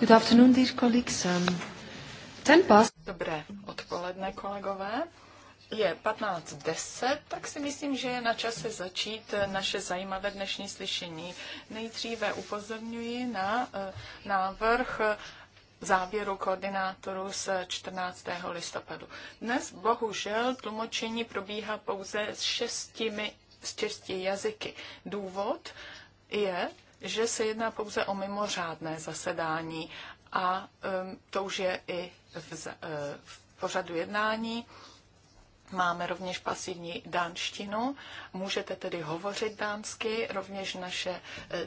Good afternoon, dear colleagues. Um, ten Dobré odpoledne, kolegové. Je 15.10, tak si myslím, že je na čase začít naše zajímavé dnešní slyšení. Nejdříve upozorňuji na eh, návrh eh, závěru koordinátorů z 14. listopadu. Dnes bohužel tlumočení probíhá pouze s šestimi z jazyky. Důvod je, že se jedná pouze o mimořádné zasedání a um, to už je i v, uh, v pořadu jednání. Máme rovněž pasivní dánštinu, můžete tedy hovořit dánsky, rovněž naše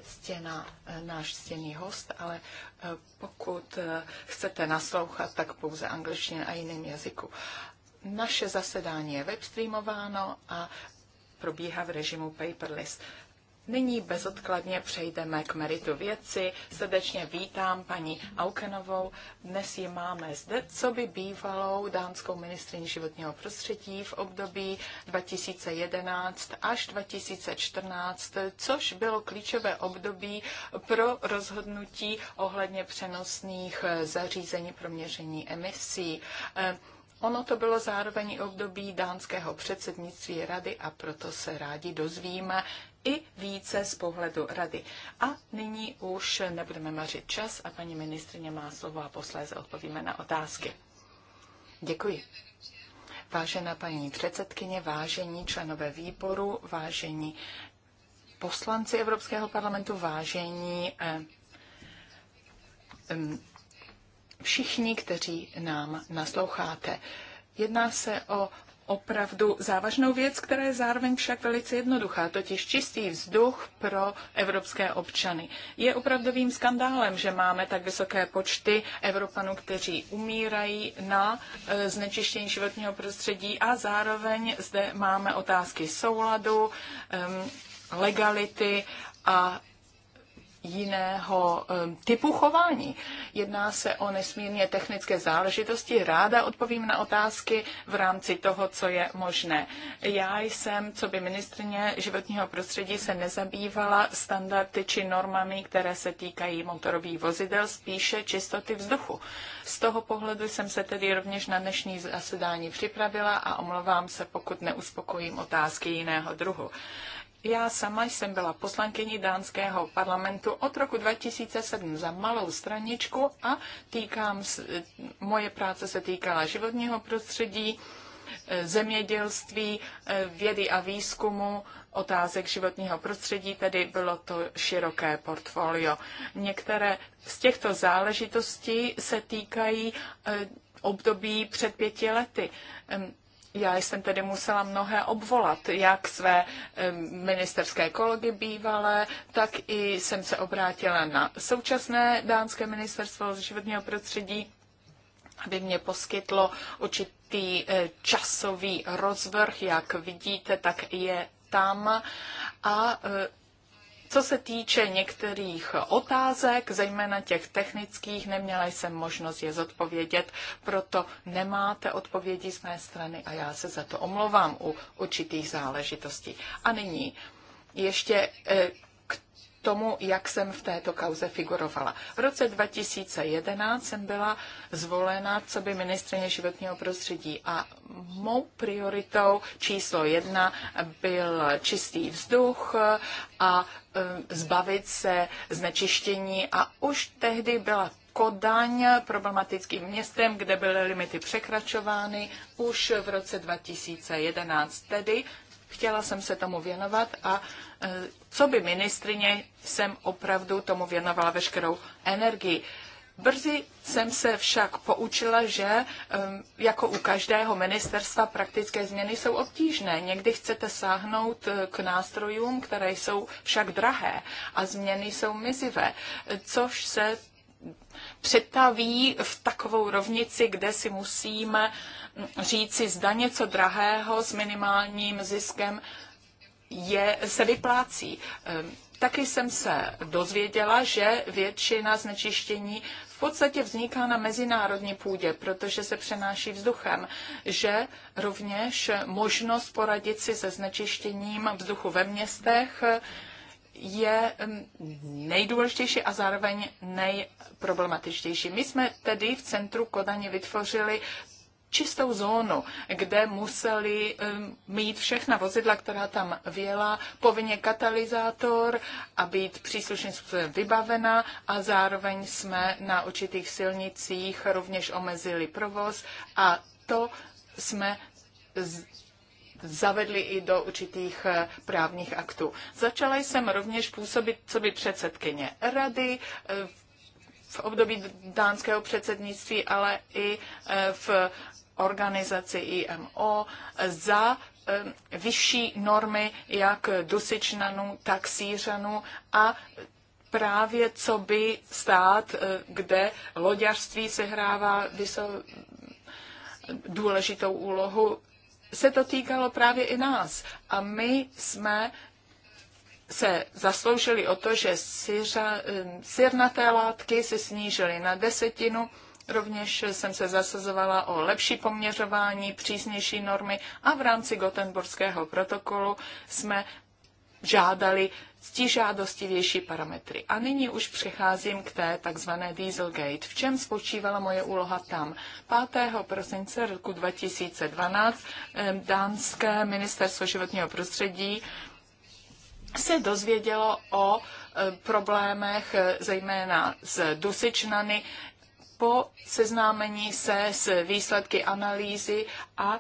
stěna, eh, eh, náš stěný host, ale eh, pokud chcete naslouchat, tak pouze angličtině a jiným jazyku. Naše zasedání je webstreamováno a probíhá v režimu paperless. Nyní bezodkladně přejdeme k meritu věci. Srdečně vítám paní Aukenovou. Dnes ji máme zde, co by bývalou dánskou ministrině životního prostředí v období 2011 až 2014, což bylo klíčové období pro rozhodnutí ohledně přenosných eh, zařízení pro měření emisí. Eh, ono to bylo zároveň období dánského předsednictví rady a proto se rádi dozvíme, i více z pohledu rady. A nyní už nebudeme mařit čas a paní ministrině má slovo a posléze odpovíme na otázky. Děkuji. Vážená paní předsedkyně, vážení členové výboru, vážení poslanci Evropského parlamentu, vážení eh, všichni, kteří nám nasloucháte. Jedná se o opravdu závažnou věc, která je zároveň však velice jednoduchá, totiž čistý vzduch pro evropské občany. Je opravdovým skandálem, že máme tak vysoké počty Evropanů, kteří umírají na e, znečištění životního prostředí a zároveň zde máme otázky souladu, legality a jiného typu chování. Jedná se o nesmírně technické záležitosti. Ráda odpovím na otázky v rámci toho, co je možné. Já jsem, co by ministrně životního prostředí, se nezabývala standardy či normami, které se týkají motorových vozidel, spíše čistoty vzduchu. Z toho pohledu jsem se tedy rovněž na dnešní zasedání připravila a omlouvám se, pokud neuspokojím otázky jiného druhu. Já sama jsem byla poslankyní dánského parlamentu od roku 2007 za malou straničku a týkám, moje práce se týkala životního prostředí, e, zemědělství, e, vědy a výzkumu, otázek životního prostředí, tedy bylo to široké portfolio. Některé z těchto záležitostí se týkají e, období před pěti lety. Já jsem tedy musela mnohé obvolat, jak své ministerské kolegy bývalé, tak i jsem se obrátila na současné dánské ministerstvo životního prostředí, aby mě poskytlo určitý e, časový rozvrh, jak vidíte, tak je tam a e, co se týče některých otázek, zejména těch technických, neměla jsem možnost je zodpovědět, proto nemáte odpovědi z mé strany a já se za to omlouvám u určitých záležitostí. A nyní ještě eh, tomu, jak jsem v této kauze figurovala. V roce 2011 jsem byla zvolena co by ministrině životního prostředí a mou prioritou číslo jedna byl čistý vzduch a eh, zbavit se znečištění a už tehdy byla Kodaň problematickým městem, kde byly limity překračovány už v roce 2011. Tedy chtěla jsem se tomu věnovat a co by ministrině jsem opravdu tomu věnovala veškerou energii. Brzy jsem se však poučila, že jako u každého ministerstva praktické změny jsou obtížné. Někdy chcete sáhnout eh, k nástrojům, které jsou však drahé a změny jsou mizivé, což se přetaví v takovou rovnici, kde si musíme mm, říci, zda něco drahého s minimálním ziskem je, se vyplácí. Ehm, taky jsem se dozvěděla, že většina znečištění v podstatě vzniká na mezinárodní půdě, protože se přenáší vzduchem, že rovněž možnost poradit si se znečištěním vzduchu ve městech je ehm, nejdůležitější a zároveň nejproblematičtější. My jsme tedy v centru Kodaně vytvořili čistou zónu, kde museli mít všechna vozidla, která tam věla, povinně katalyzátor a být příslušným způsobem vybavena a zároveň jsme na určitých silnicích rovněž omezili provoz a to jsme z zavedli i do určitých eh, právních aktů. Začala jsem rovněž působit co by předsedkyně rady eh, v období dánského předsednictví, ale i eh, v organizaci IMO za vyšší normy jak dusičnanů, tak sířanů a právě co by stát, e, kde loďařství sehrává vyso- důležitou úlohu, se to týkalo právě i nás. A my jsme se zasloužili o to, že sirnaté látky se snížily na desetinu, Rovněž jsem se zasazovala o lepší poměřování, přísnější normy a v rámci Gotenborského protokolu jsme žádali žádostivější parametry. A nyní už přecházím k té takzvané Dieselgate. V čem spočívala moje úloha tam? 5. prosince roku 2012 dánské ministerstvo životního prostředí se dozvědělo o problémech zejména z dusičnany, po seznámení se s výsledky analýzy a e,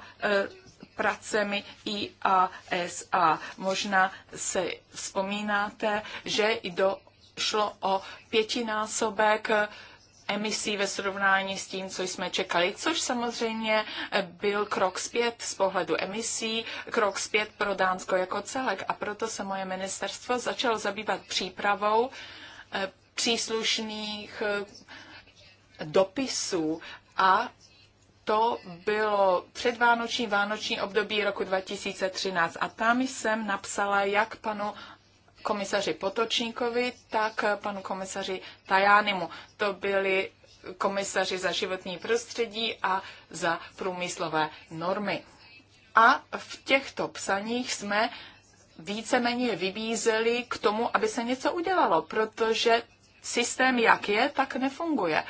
pracemi IASA. Možná se vzpomínáte, že do, šlo o pětinásobek emisí ve srovnání s tím, co jsme čekali, což samozřejmě e, byl krok zpět z pohledu emisí, krok zpět pro Dánsko jako celek. A proto se moje ministerstvo začalo zabývat přípravou e, příslušných dopisů a to bylo předvánoční, vánoční období roku 2013 a tam jsem napsala jak panu komisaři Potočníkovi, tak panu komisaři Tajánimu. To byli komisaři za životní prostředí a za průmyslové normy. A v těchto psaních jsme víceméně vybízeli k tomu, aby se něco udělalo, protože systém, jak je, tak nefunguje.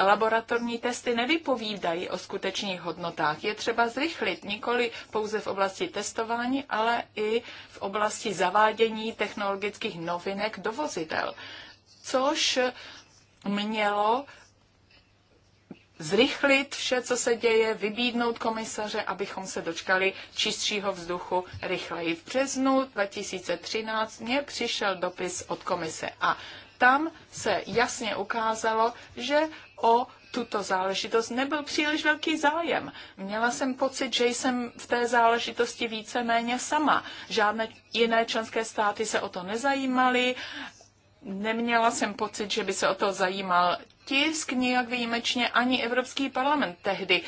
Laboratorní testy nevypovídají o skutečných hodnotách. Je třeba zrychlit nikoli pouze v oblasti testování, ale i v oblasti zavádění technologických novinek do vozidel, což mělo zrychlit vše, co se děje, vybídnout komisaře, abychom se dočkali čistšího vzduchu rychleji. V březnu 2013 mě přišel dopis od komise a tam se jasně ukázalo, že o tuto záležitost nebyl příliš velký zájem. Měla jsem pocit, že jsem v té záležitosti víceméně sama. Žádné jiné členské státy se o to nezajímaly. Neměla jsem pocit, že by se o to zajímal tisk, nijak výjimečně ani Evropský parlament tehdy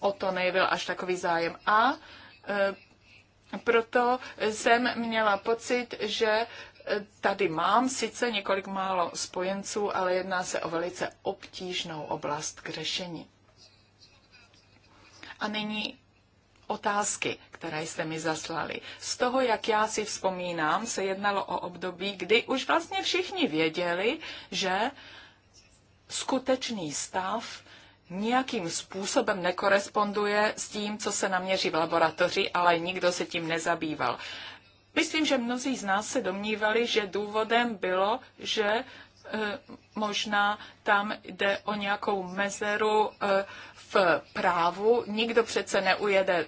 o to nebyl až takový zájem. A e, proto jsem měla pocit, že Tady mám sice několik málo spojenců, ale jedná se o velice obtížnou oblast k řešení. A nyní otázky, které jste mi zaslali. Z toho, jak já si vzpomínám, se jednalo o období, kdy už vlastně všichni věděli, že skutečný stav nějakým způsobem nekoresponduje s tím, co se naměří v laboratoři, ale nikdo se tím nezabýval. Myslím, že mnozí z nás se domnívali, že důvodem bylo, že eh, možná tam jde o nějakou mezeru eh, v právu. Nikdo přece neujede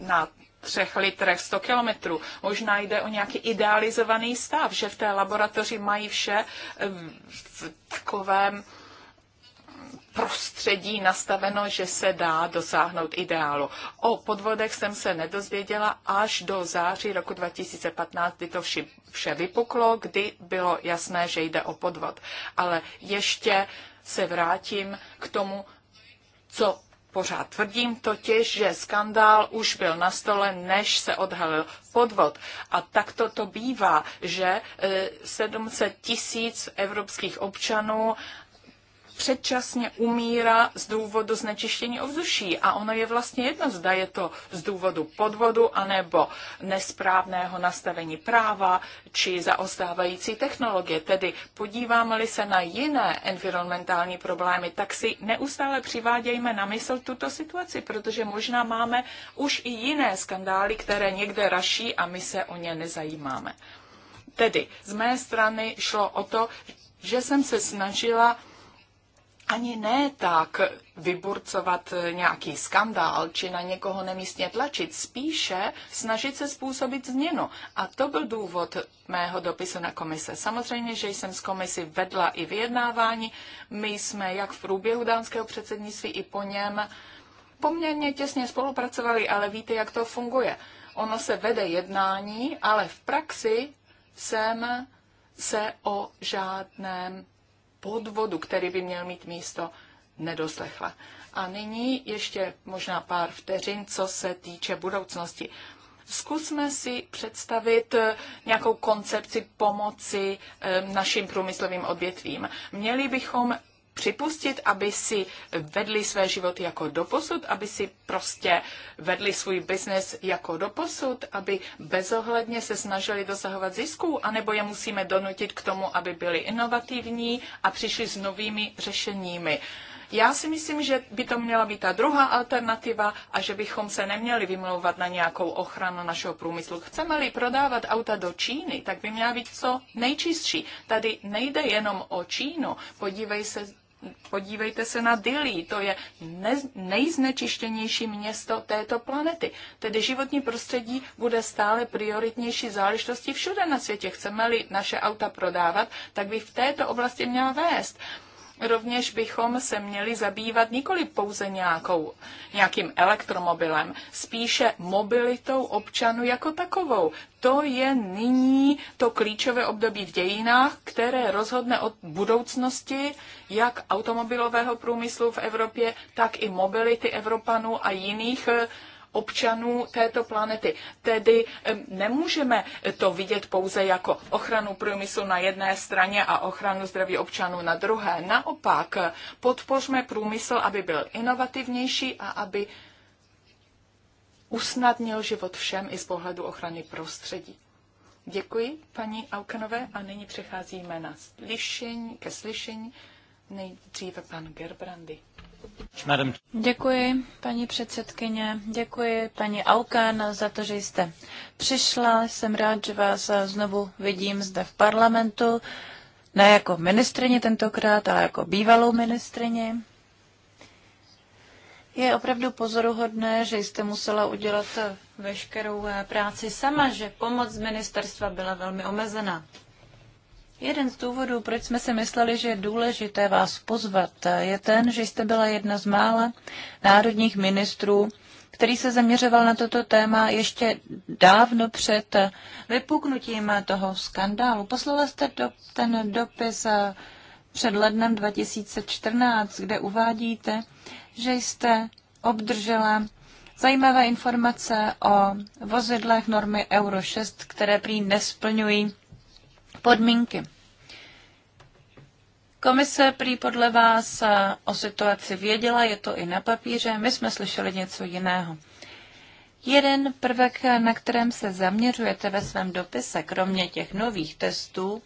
na třech litrech 100 kilometrů. Možná jde o nějaký idealizovaný stav, že v té laboratoři mají vše eh, v takovém prostředí nastaveno, že se dá dosáhnout ideálu. O podvodech jsem se nedozvěděla až do září roku 2015, kdy to vši, vše vypuklo, kdy bylo jasné, že jde o podvod. Ale ještě se vrátím k tomu, co pořád tvrdím totiž, že skandál už byl na stole, než se odhalil podvod. A takto to bývá, že 700 eh, tisíc evropských občanů předčasně umírá z důvodu znečištění ovzduší. A ono je vlastně jedno, zda je to z důvodu podvodu anebo nesprávného nastavení práva či zaostávající technologie. Tedy podíváme-li se na jiné environmentální problémy, tak si neustále přivádějme na mysl tuto situaci, protože možná máme už i jiné skandály, které někde raší a my se o ně nezajímáme. Tedy z mé strany šlo o to, že jsem se snažila ani ne tak vyburcovat nějaký skandál či na někoho nemístně tlačit, spíše snažit se způsobit změnu. A to byl důvod mého dopisu na komise. Samozřejmě, že jsem s komisi vedla i vyjednávání. My jsme jak v průběhu dánského předsednictví i po něm poměrně těsně spolupracovali, ale víte, jak to funguje. Ono se vede jednání, ale v praxi jsem se o žádném podvodu, který by měl mít místo, nedoslechla. A nyní ještě možná pár vteřin, co se týče budoucnosti. Zkusme si představit eh, nějakou koncepci pomoci eh, našim průmyslovým odvětvím. Měli bychom připustit, aby si vedli své životy jako doposud, aby si prostě vedli svůj biznes jako doposud, aby bezohledně se snažili dosahovat zisků, anebo je musíme donutit k tomu, aby byli inovativní a přišli s novými řešeními. Já si myslím, že by to měla být ta druhá alternativa a že bychom se neměli vymlouvat na nějakou ochranu našeho průmyslu. Chceme-li prodávat auta do Číny, tak by měla být co nejčistší. Tady nejde jenom o Čínu. Podívej se Podívejte se na Dili, to je ne, nejznečištěnější město této planety. Tedy životní prostředí bude stále prioritnější záležitostí všude na světě. Chceme-li naše auta prodávat, tak bych v této oblasti měla vést rovněž bychom se měli zabývat nikoli pouze nějakou, nějakým elektromobilem, spíše mobilitou občanů jako takovou. To je nyní to klíčové období v dějinách, které rozhodne o budoucnosti jak automobilového průmyslu v Evropě, tak i mobility Evropanů a jiných uh, občanů této planety. Tedy nemůžeme to vidět pouze jako ochranu průmyslu na jedné straně a ochranu zdraví občanů na druhé. Naopak, podpořme průmysl, aby byl inovativnější a aby usnadnil život všem i z pohledu ochrany prostředí. Děkuji paní Aukanové a nyní přecházíme na slyšení, ke slyšení. Nejdříve pan Gerbrandy. Děkuji, paní předsedkyně, děkuji, paní Aukan, za to, že jste přišla. Jsem rád, že vás znovu vidím zde v parlamentu, ne jako ministrině tentokrát, ale jako bývalou ministrině. Je opravdu pozoruhodné, že jste musela udělat veškerou eh, práci sama, že pomoc ministerstva byla velmi omezená. Jeden z důvodů, proč jsme si mysleli, že je důležité vás pozvat, je ten, že jste byla jedna z mála národních ministrů, který se zaměřoval na toto téma ještě dávno před vypuknutím toho skandálu. Poslala jste do, ten dopis před lednem 2014, kde uvádíte, že jste obdržela zajímavé informace o vozidlech normy Euro 6, které prý nesplňují podmínky. Komise prý podle vás eh, o situaci věděla, je to i na papíře, my jsme slyšeli něco jiného. Jeden prvek, eh, na kterém se zaměřujete ve svém dopise, kromě těch nových testů,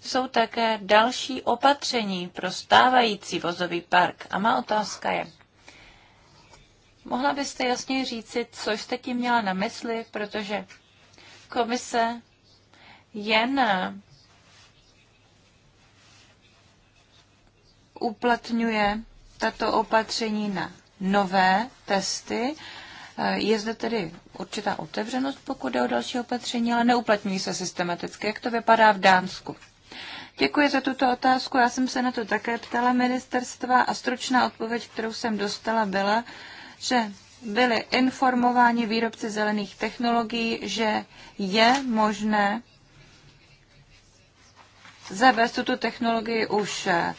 jsou také další opatření pro stávající vozový park. A má otázka je, mohla byste jasně říci, co jste tím měla na mysli, protože komise jen uplatňuje tato opatření na nové testy. Je zde tedy určitá otevřenost, pokud jde o další opatření, ale neuplatňují se systematicky. Jak to vypadá v Dánsku? Děkuji za tuto otázku. Já jsem se na to také ptala ministerstva a stručná odpověď, kterou jsem dostala, byla, že byli informováni výrobci zelených technologií, že je možné zavést tuto technologii už eh,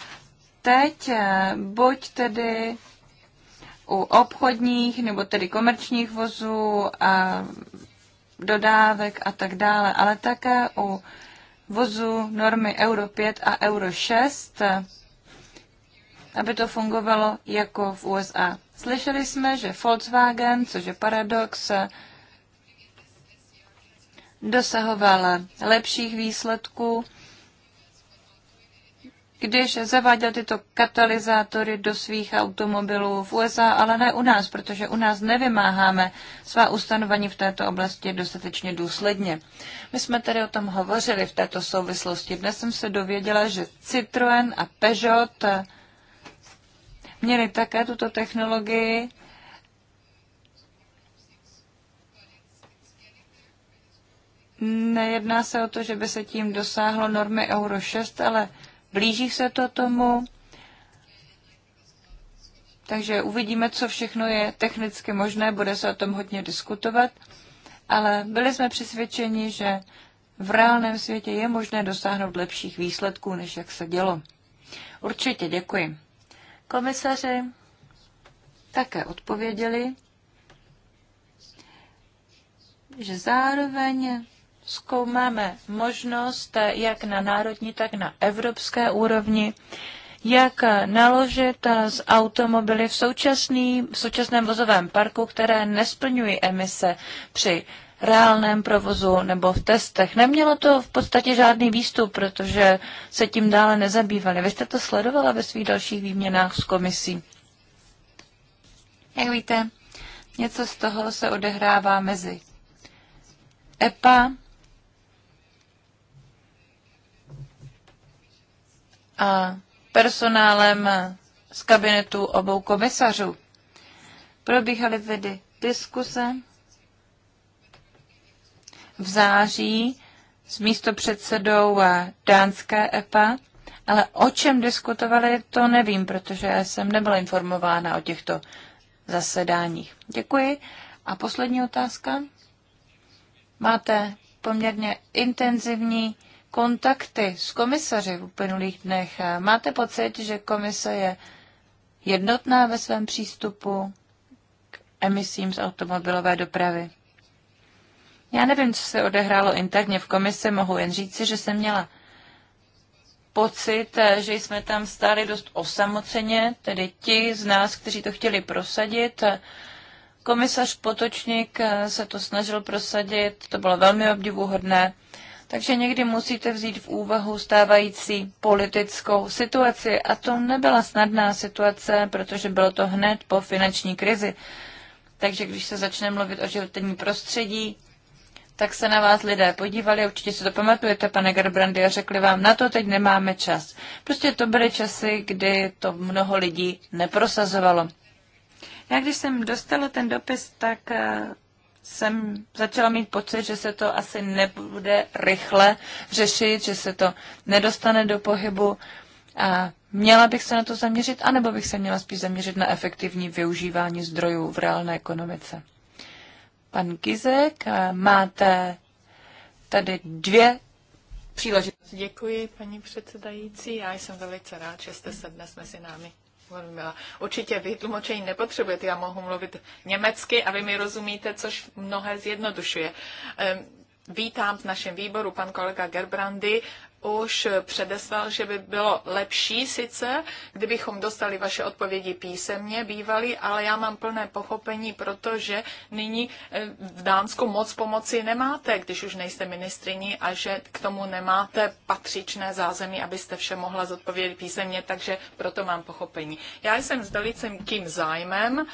teď, eh, buď tedy u obchodních nebo tedy komerčních vozů, a dodávek a tak dále, ale také u vozů normy Euro 5 a Euro 6, eh, aby to fungovalo jako v USA. Slyšeli jsme, že Volkswagen, což je paradox, dosahoval lepších výsledků když zaváděl tyto katalyzátory do svých automobilů v USA, ale ne u nás, protože u nás nevymáháme svá ustanovení v této oblasti dostatečně důsledně. My jsme tedy o tom hovořili v této souvislosti. Dnes jsem se dověděla, že Citroën a Peugeot měli také tuto technologii. Nejedná se o to, že by se tím dosáhlo normy Euro 6, ale blíží se to tomu. Takže uvidíme, co všechno je technicky možné, bude se o tom hodně diskutovat, ale byli jsme přesvědčeni, že v reálném světě je možné dosáhnout lepších výsledků, než jak se dělo. Určitě děkuji. Komisaři také odpověděli, že zároveň zkoumáme možnost, eh, jak na národní, tak na evropské úrovni, jak eh, naložit z eh, automobily v, současný, v současném vozovém parku, které nesplňují emise při reálném provozu nebo v testech. Nemělo to v podstatě žádný výstup, protože se tím dále nezabývali. Vy jste to sledovala ve svých dalších výměnách s komisí. Jak víte, něco z toho se odehrává mezi EPA, a personálem z kabinetu obou komisařů. Probíhaly vedy diskuse v září s místopředsedou dánské EPA, ale o čem diskutovali, to nevím, protože já jsem nebyla informována o těchto zasedáních. Děkuji. A poslední otázka. Máte poměrně intenzivní kontakty s komisaři v uplynulých dnech. Máte pocit, že komise je jednotná ve svém přístupu k emisím z automobilové dopravy? Já nevím, co se odehrálo interně v komise, mohu jen říci, že jsem měla pocit, že jsme tam stáli dost osamoceně, tedy ti z nás, kteří to chtěli prosadit. Komisař Potočník se to snažil prosadit, to bylo velmi obdivuhodné. Takže někdy musíte vzít v úvahu stávající politickou situaci. A to nebyla snadná situace, protože bylo to hned po finanční krizi. Takže když se začne mluvit o životní prostředí, tak se na vás lidé podívali, určitě si to pamatujete, pane Gerbrandy, a řekli vám, na to teď nemáme čas. Prostě to byly časy, kdy to mnoho lidí neprosazovalo. Já když jsem dostala ten dopis, tak eh, jsem začala mít pocit, že se to asi nebude rychle řešit, že se to nedostane do pohybu. A měla bych se na to zaměřit, anebo bych se měla spíš zaměřit na efektivní využívání zdrojů v reálné ekonomice. Pan Gizek, eh, máte tady dvě příležitosti. Děkuji, paní předsedající. Já jsem velice rád, že jste se dnes mezi námi Mila. Určitě vy tlumočení nepotřebujete, já mohu mluvit německy a vy mi rozumíte, což mnohé zjednodušuje. Ehm, vítám v našem výboru pan kolega Gerbrandy, už předeslal, že by bylo lepší sice, kdybychom dostali vaše odpovědi písemně, bývali, ale já mám plné pochopení, protože nyní eh, v Dánsku moc pomoci nemáte, když už nejste ministriní a že k tomu nemáte patřičné zázemí, abyste vše mohla zodpovědět písemně, takže proto mám pochopení. Já jsem s velicím tím zájmem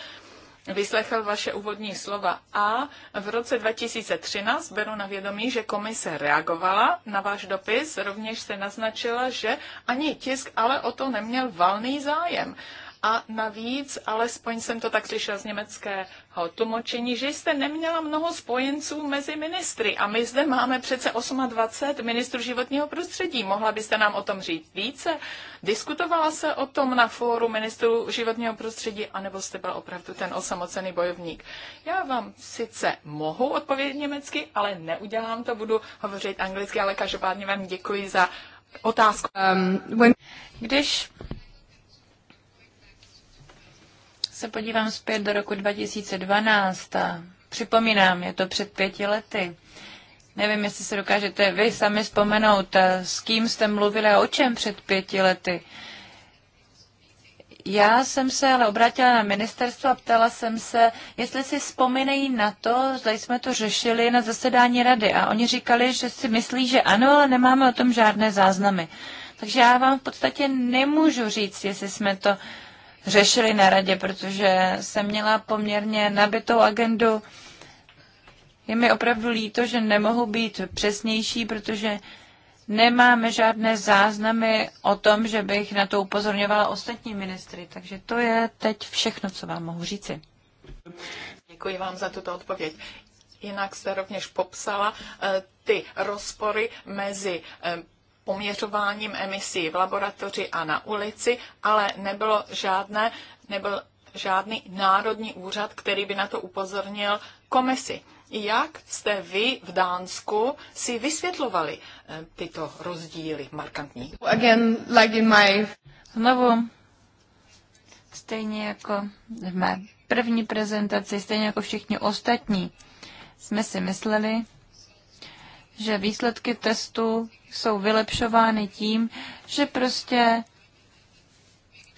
vyslechl vaše úvodní slova a v roce 2013 beru na vědomí, že komise reagovala na váš dopis, rovněž se naznačila, že ani tisk ale o to neměl valný zájem. A navíc, alespoň jsem to tak slyšela z německého tlumočení, že jste neměla mnoho spojenců mezi ministry. A my zde máme přece 28 ministrů životního prostředí. Mohla byste nám o tom říct více? Diskutovala se o tom na fóru ministrů životního prostředí, anebo jste byl opravdu ten osamocený bojovník? Já vám sice mohu odpovědět německy, ale neudělám to, budu hovořit anglicky, ale každopádně vám děkuji za otázku. Um, when... Když se podívám zpět do roku 2012 a připomínám, je to před pěti lety. Nevím, jestli se dokážete vy sami vzpomenout, eh, s kým jste mluvili a o čem před pěti lety. Já jsem se ale obrátila na ministerstvo a ptala jsem se, jestli si vzpomínají na to, zda jsme to řešili na zasedání rady. A oni říkali, že si myslí, že ano, ale nemáme o tom žádné záznamy. Takže já vám v podstatě nemůžu říct, jestli jsme to řešili na radě, protože jsem měla poměrně nabitou agendu. Je mi opravdu líto, že nemohu být přesnější, protože nemáme žádné záznamy o tom, že bych na to upozorňovala ostatní ministry. Takže to je teď všechno, co vám mohu říci. Děkuji vám za tuto odpověď. Jinak jste rovněž popsala eh, ty rozpory mezi eh, poměřováním emisí v laboratoři a na ulici, ale nebylo žádné, nebyl žádný národní úřad, který by na to upozornil komisi. Jak jste vy v Dánsku si vysvětlovali eh, tyto rozdíly markantní? Again, like in my... Znovu, stejně jako v mé první prezentaci, stejně jako všichni ostatní, jsme si mysleli, že výsledky testu jsou vylepšovány tím, že prostě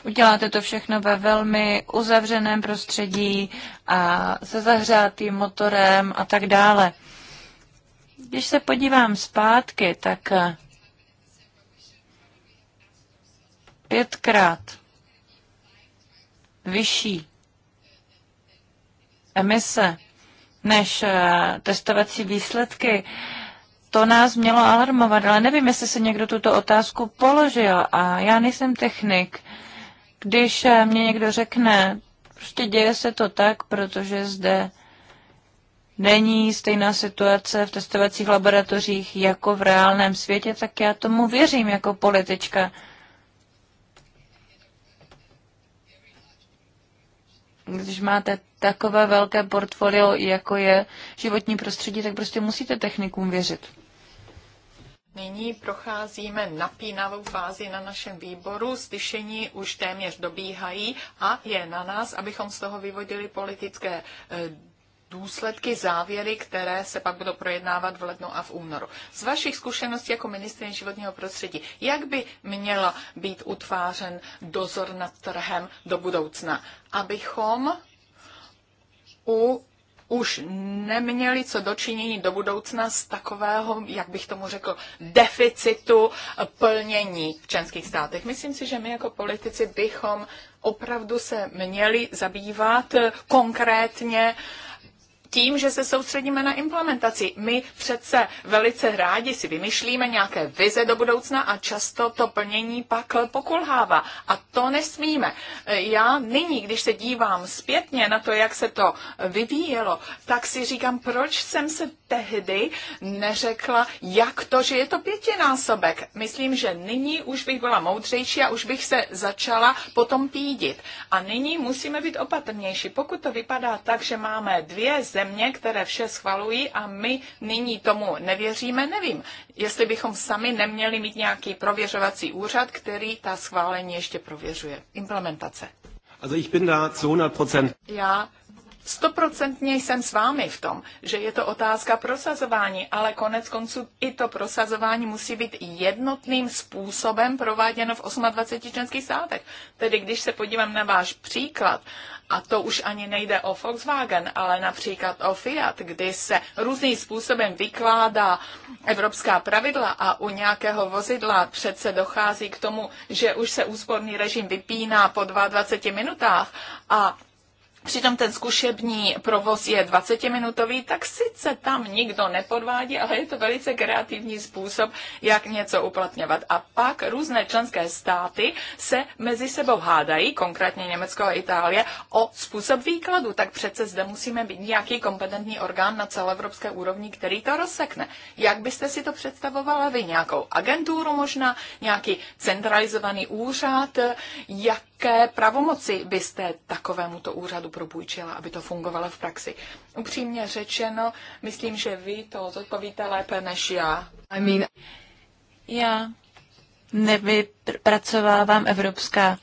uděláte to všechno ve velmi uzavřeném prostředí a se zahřátým motorem a tak dále. Když se podívám zpátky, tak pětkrát vyšší emise než eh, testovací výsledky to nás mělo alarmovat, ale nevím, jestli se někdo tuto otázku položil a já nejsem technik. Když eh, mě někdo řekne, prostě děje se to tak, protože zde není stejná situace v testovacích laboratořích jako v reálném světě, tak já tomu věřím jako politička. Když máte takové velké portfolio, jako je životní prostředí, tak prostě musíte technikům věřit. Nyní procházíme napínavou fázi na našem výboru. Slyšení už téměř dobíhají a je na nás, abychom z toho vyvodili politické e, důsledky, závěry, které se pak budou projednávat v lednu a v únoru. Z vašich zkušeností jako ministrině životního prostředí, jak by měla být utvářen dozor nad trhem do budoucna, abychom u už neměli co dočinění do budoucna z takového, jak bych tomu řekl, deficitu plnění v členských státech. Myslím si, že my jako politici bychom opravdu se měli zabývat konkrétně tím, že se soustředíme na implementaci. My přece velice rádi si vymyšlíme nějaké vize do budoucna a často to plnění pak pokulhává. A to nesmíme. Já nyní, když se dívám zpětně na to, jak se to vyvíjelo, tak si říkám, proč jsem se tehdy neřekla, jak to, že je to pětinásobek. Myslím, že nyní už bych byla moudřejší a už bych se začala potom pídit. A nyní musíme být opatrnější. Pokud to vypadá tak, že máme dvě země, země, které vše schvalují a my nyní tomu nevěříme, nevím. Jestli bychom sami neměli mít nějaký prověřovací úřad, který ta schválení ještě prověřuje. Implementace. Also ich bin da zu 100%. Já Stoprocentně jsem s vámi v tom, že je to otázka prosazování, ale konec konců i to prosazování musí být jednotným způsobem prováděno v 28 členských státech. Tedy když se podívám na váš příklad, a to už ani nejde o Volkswagen, ale například o Fiat, kdy se různým způsobem vykládá evropská pravidla a u nějakého vozidla přece dochází k tomu, že už se úsporný režim vypíná po 22 minutách a přitom ten zkušební provoz je 20-minutový, tak sice tam nikdo nepodvádí, ale je to velice kreativní způsob, jak něco uplatňovat. A pak různé členské státy se mezi sebou hádají, konkrétně Německo a Itálie, o způsob výkladu. Tak přece zde musíme být nějaký kompetentní orgán na celoevropské úrovni, který to rozsekne. Jak byste si to představovala vy? Nějakou agenturu možná, nějaký centralizovaný úřad, jak jaké pravomoci byste takovémuto úřadu propůjčila, aby to fungovalo v praxi? Upřímně řečeno, myslím, že vy to zodpovíte lépe než já. I mean... Já nevypracovávám evropská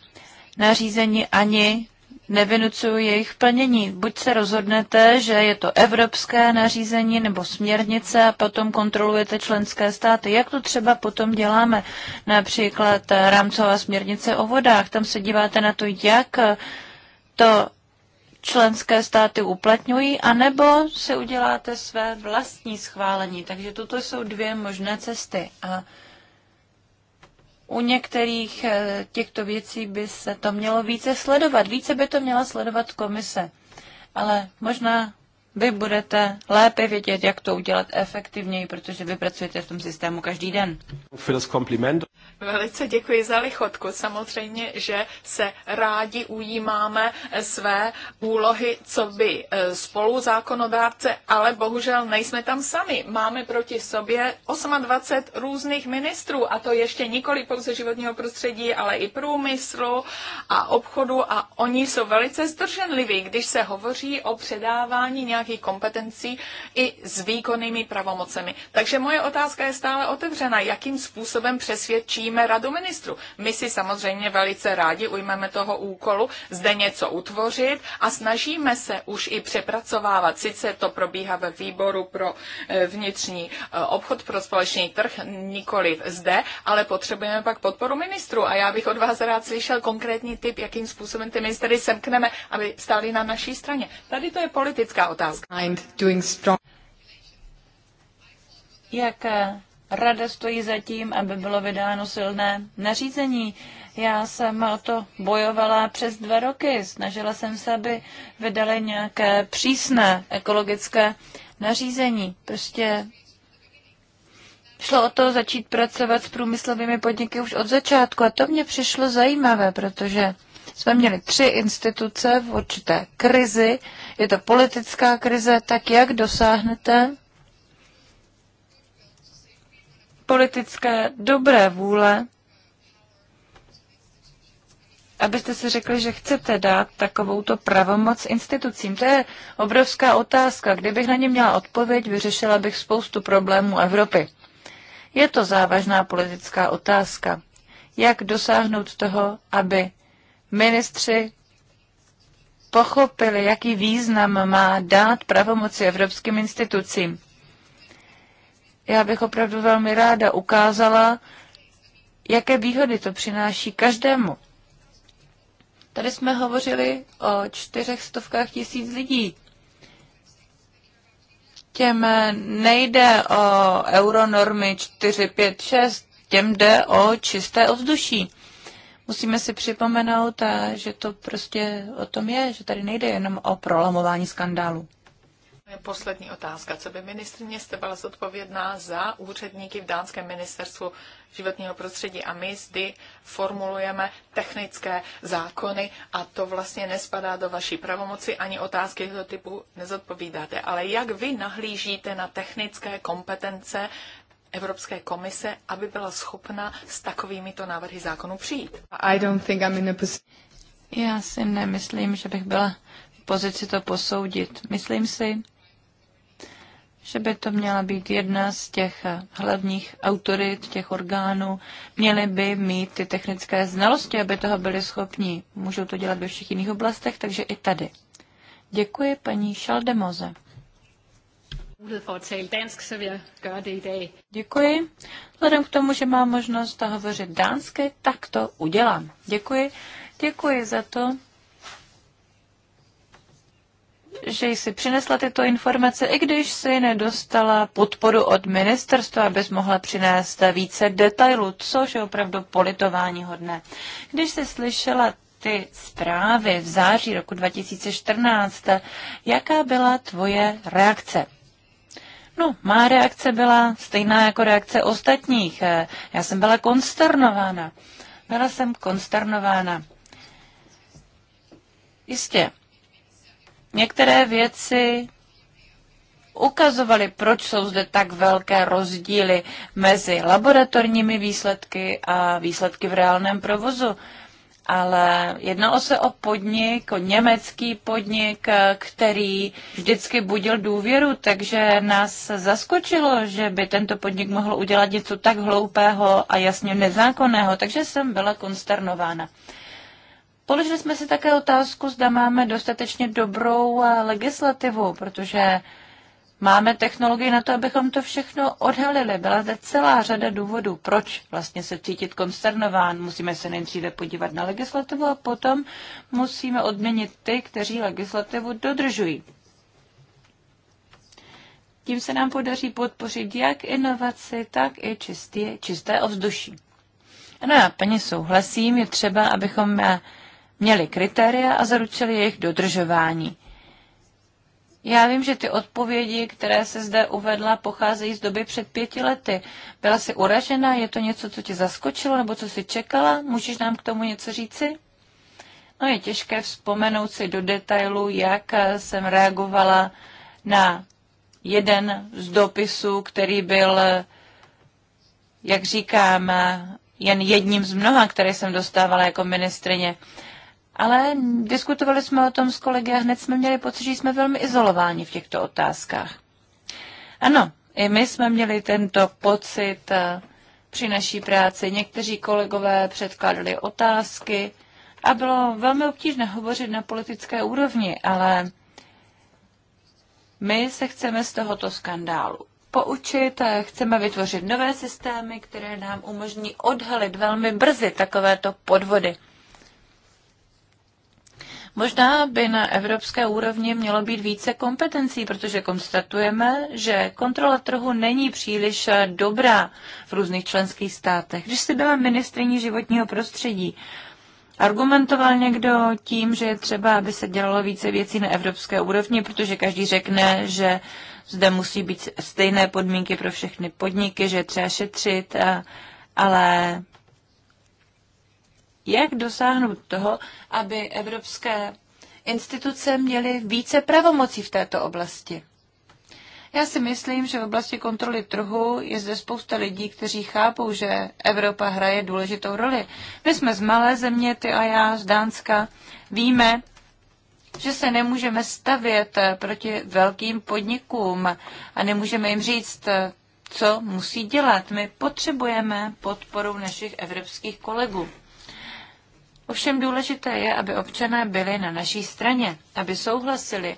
nařízení ani nevinucuju jejich plnění. Buď se rozhodnete, že je to evropské nařízení nebo směrnice a potom kontrolujete členské státy. Jak to třeba potom děláme? Například rámcová směrnice o vodách. Tam se díváte na to, jak to členské státy uplatňují, anebo se uděláte své vlastní schválení. Takže toto jsou dvě možné cesty. A u některých eh, těchto věcí by se to mělo více sledovat. Více by to měla sledovat komise. Ale možná vy budete lépe vědět, jak to udělat efektivněji, protože vy pracujete v tom systému každý den. Velice děkuji za lichotku. Samozřejmě, že se rádi ujímáme své úlohy, co by e, spolu zákonodárce, ale bohužel nejsme tam sami. Máme proti sobě 28 různých ministrů a to ještě nikoli pouze životního prostředí, ale i průmyslu a obchodu a oni jsou velice zdrženliví, když se hovoří o předávání nějakých nějakých kompetencí i s výkonnými pravomocemi. Takže moje otázka je stále otevřena. Jakým způsobem přesvědčíme radu ministru? My si samozřejmě velice rádi ujmeme toho úkolu zde něco utvořit a snažíme se už i přepracovávat. Sice to probíhá ve výboru pro eh, vnitřní eh, obchod pro společný trh, nikoliv zde, ale potřebujeme pak podporu ministru a já bych od vás rád slyšel konkrétní tip, jakým způsobem ty ministry semkneme, aby stáli na naší straně. Tady to je politická otázka otázka. Jak rada stojí za tím, aby bylo vydáno silné nařízení. Já jsem o to bojovala přes dva roky. Snažila jsem se, aby vydali nějaké přísné ekologické nařízení. Prostě šlo o to začít pracovat s průmyslovými podniky už od začátku a to mě přišlo zajímavé, protože jsme měli tři instituce v určité krizi, je to politická krize, tak jak dosáhnete politické dobré vůle, abyste si řekli, že chcete dát takovouto pravomoc institucím. To je obrovská otázka. Kdybych na ně měla odpověď, vyřešila bych spoustu problémů Evropy. Je to závažná politická otázka. Jak dosáhnout toho, aby ministři pochopili, jaký význam má dát pravomoci evropským institucím. Já bych opravdu velmi ráda ukázala, jaké výhody to přináší každému. Tady jsme hovořili o čtyřech stovkách tisíc lidí. Těm nejde o euronormy 4, 5, 6, těm jde o čisté ovzduší. Musíme si připomenout, eh, že to prostě o tom je, že tady nejde jenom o prolamování skandálu. Poslední otázka. Co by ministrně jste byla zodpovědná za úředníky v Dánském ministerstvu životního prostředí a my zdy formulujeme technické zákony a to vlastně nespadá do vaší pravomoci, ani otázky toho typu nezodpovídáte. Ale jak vy nahlížíte na technické kompetence Evropské komise, aby byla schopna s takovýmito návrhy zákonů přijít. I don't think I'm in a Já si nemyslím, že bych byla v pozici to posoudit. Myslím si, že by to měla být jedna z těch hlavních autorit, těch orgánů. měly by mít ty technické znalosti, aby toho byli schopni. Můžou to dělat ve všech jiných oblastech, takže i tady. Děkuji paní Šaldemoze. Děkuji. Vzhledem k tomu, že mám možnost hovořit dánsky, tak to udělám. Děkuji. Děkuji za to, že jsi přinesla tyto informace, i když jsi nedostala podporu od ministerstva, abys mohla přinést více detailů, což je opravdu politování hodné. Když jsi slyšela ty zprávy v září roku 2014, jaká byla tvoje reakce? No, má reakce byla stejná jako reakce ostatních. Eh, já jsem byla konsternována. Byla jsem konsternována. Jistě, některé věci ukazovaly, proč jsou zde tak velké rozdíly mezi laboratorními výsledky a výsledky v reálném provozu ale jednalo se o podnik, o německý podnik, který vždycky budil důvěru, takže nás zaskočilo, že by tento podnik mohl udělat něco tak hloupého a jasně nezákonného, takže jsem byla konsternována. Položili jsme si také otázku, zda máme dostatečně dobrou eh, legislativu, protože máme technologii na to, abychom to všechno odhalili. Byla zde celá řada důvodů, proč vlastně se cítit konsternován. Musíme se nejdříve podívat na legislativu a potom musíme odměnit ty, kteří legislativu dodržují. Tím se nám podaří podpořit jak inovaci, tak i čistě, čisté ovzduší. No já plně souhlasím, je třeba, abychom měli kritéria a zaručili jejich dodržování. Já vím, že ty odpovědi, které se zde uvedla, pocházejí z doby před pěti lety. Byla jsi uražena? Je to něco, co tě zaskočilo nebo co jsi čekala? Můžeš nám k tomu něco říci? No je těžké vzpomenout si do detailu, jak jsem reagovala na jeden z dopisů, který byl, jak říkám, jen jedním z mnoha, které jsem dostávala jako ministrině. Ale diskutovali jsme o tom s kolegy a hned jsme měli pocit, že jsme velmi izolováni v těchto otázkách. Ano, i my jsme měli tento pocit eh, při naší práci. Někteří kolegové předkládali otázky a bylo velmi obtížné hovořit na politické úrovni, ale my se chceme z tohoto skandálu poučit, eh, chceme vytvořit nové systémy, které nám umožní odhalit velmi brzy takovéto podvody. Možná by na evropské úrovni mělo být více kompetencí, protože konstatujeme, že kontrola trhu není příliš dobrá v různých členských státech. Když si byla ministriní životního prostředí, Argumentoval někdo tím, že je třeba, aby se dělalo více věcí na evropské úrovni, protože každý řekne, že zde musí být stejné podmínky pro všechny podniky, že je třeba šetřit, ale jak dosáhnout toho, aby evropské instituce měly více pravomocí v této oblasti. Já si myslím, že v oblasti kontroly trhu je zde spousta lidí, kteří chápou, že Evropa hraje důležitou roli. My jsme z malé země, ty a já, z Dánska, víme, že se nemůžeme stavět proti velkým podnikům a nemůžeme jim říct, co musí dělat. My potřebujeme podporu našich evropských kolegů. Ovšem důležité je, aby občané byli na naší straně, aby souhlasili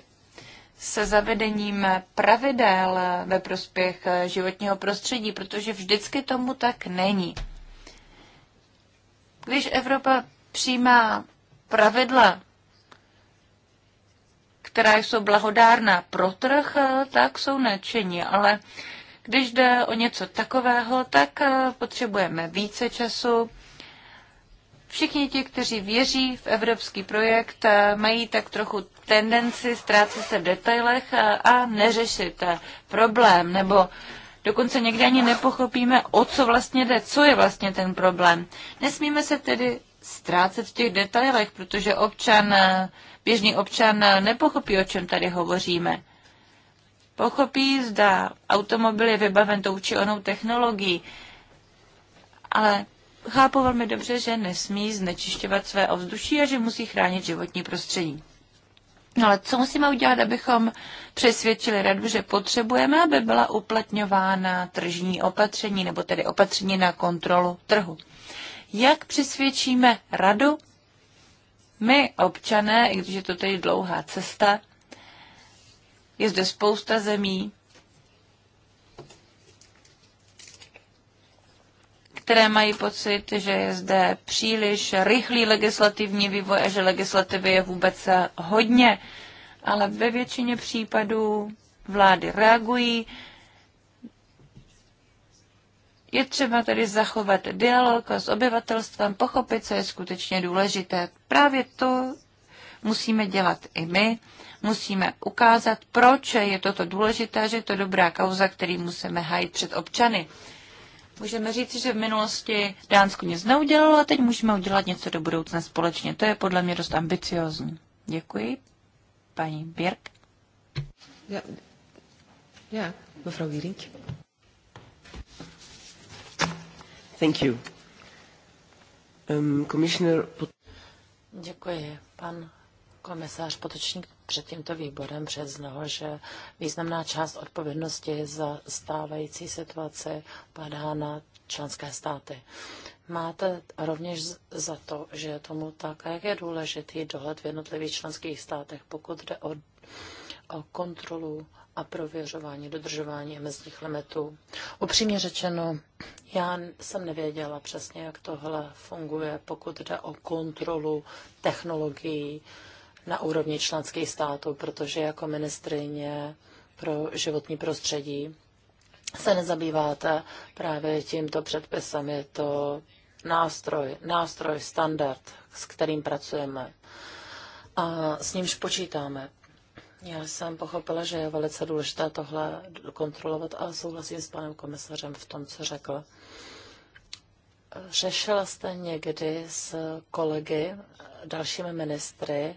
se zavedením pravidel ve prospěch životního prostředí, protože vždycky tomu tak není. Když Evropa přijímá pravidla, která jsou blahodárná pro trh, tak jsou nadšení, ale když jde o něco takového, tak potřebujeme více času, Všichni ti, kteří věří v evropský projekt, eh, mají tak trochu tendenci ztrácet se v detailech eh, a neřešit eh, problém, nebo dokonce někdy ani nepochopíme, o co vlastně jde, co je vlastně ten problém. Nesmíme se tedy ztrácet v těch detailech, protože občan, běžný občan nepochopí, o čem tady hovoříme. Pochopí, zda automobil je vybaven tou či onou technologií, ale chápu velmi dobře, že nesmí znečišťovat své ovzduší a že musí chránit životní prostředí. No ale co musíme udělat, abychom přesvědčili radu, že potřebujeme, aby byla uplatňována tržní opatření, nebo tedy opatření na kontrolu trhu? Jak přesvědčíme radu? My, občané, i když je to tedy dlouhá cesta, je zde spousta zemí, které mají pocit, že je zde příliš rychlý legislativní vývoj a že legislativy je vůbec hodně, ale ve většině případů vlády reagují. Je třeba tedy zachovat dialog s obyvatelstvem, pochopit, co je skutečně důležité. Právě to musíme dělat i my. Musíme ukázat, proč je toto důležité, že je to dobrá kauza, který musíme hájit před občany. Můžeme říct, že v minulosti Dánsko nic neudělalo a teď můžeme udělat něco do budoucna společně. To je podle mě dost ambiciozní. Děkuji. Paní Birk. Já, já mevrouw Wierink. Thank you. Um, commissioner... Děkuji. Pan komisář Potočník před tímto výborem přiznal, že významná část odpovědnosti za stávající situaci padá na členské státy. Máte rovněž za to, že je tomu tak, a jak je důležitý dohled v jednotlivých členských státech, pokud jde o, o kontrolu a prověřování dodržování mezních limitů. Upřímně řečeno, já jsem nevěděla přesně, jak tohle funguje, pokud jde o kontrolu technologií, na úrovni členských států, protože jako ministrině pro životní prostředí se nezabýváte právě tímto předpisem. Je to nástroj, nástroj, standard, s kterým pracujeme a s nímž počítáme. Já jsem pochopila, že je velice důležité tohle kontrolovat a souhlasím s panem komisařem v tom, co řekl. Řešila jste někdy s kolegy, dalšími ministry,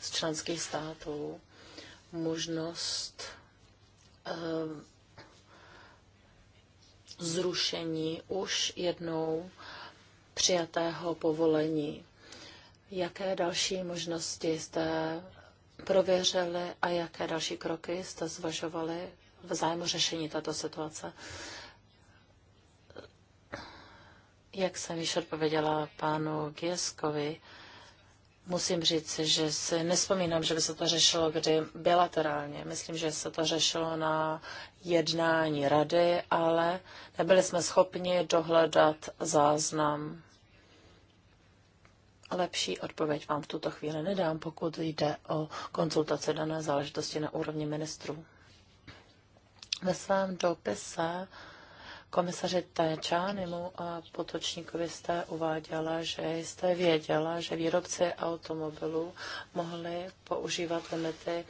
z členských států možnost ehm, zrušení už jednou přijatého povolení. Jaké další možnosti jste prověřili a jaké další kroky jste zvažovali v zájmu řešení této situace? Jak jsem již odpověděla pánu Gieskovi, musím říct, že si nespomínám, že by se to řešilo kdy bilaterálně. Myslím, že se to řešilo na jednání rady, ale nebyli jsme schopni dohledat záznam. Lepší odpověď vám v tuto chvíli nedám, pokud jde o konzultace dané záležitosti na úrovni ministrů. Ve svém dopise komisaři Tajčánimu a Potočníkovi jste uváděla, že jste věděla, že výrobci automobilů mohli používat limity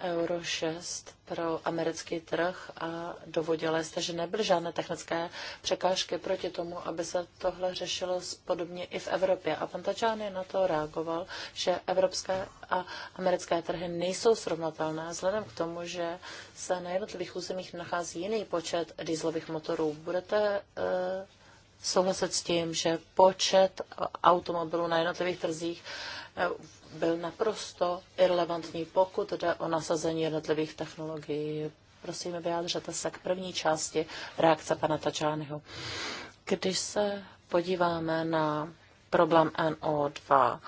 Euro 6 pro americký trh a dovodila jste, že nebyly žádné technické překážky proti tomu, aby se tohle řešilo podobně i v Evropě. A pan Tajčány na to reagoval, že evropské a americké trhy nejsou srovnatelné, vzhledem k tomu, že se na jednotlivých územích nachází jiný počet dieselových motorů. Budete uh, souhlasit s tím, že počet automobilů na jednotlivých trzích eh, byl naprosto irrelevantní, pokud jde o nasazení jednotlivých technologií. Prosím, vyjádřete se k první části reakce pana Tačányho. Když se podíváme na problém NO2.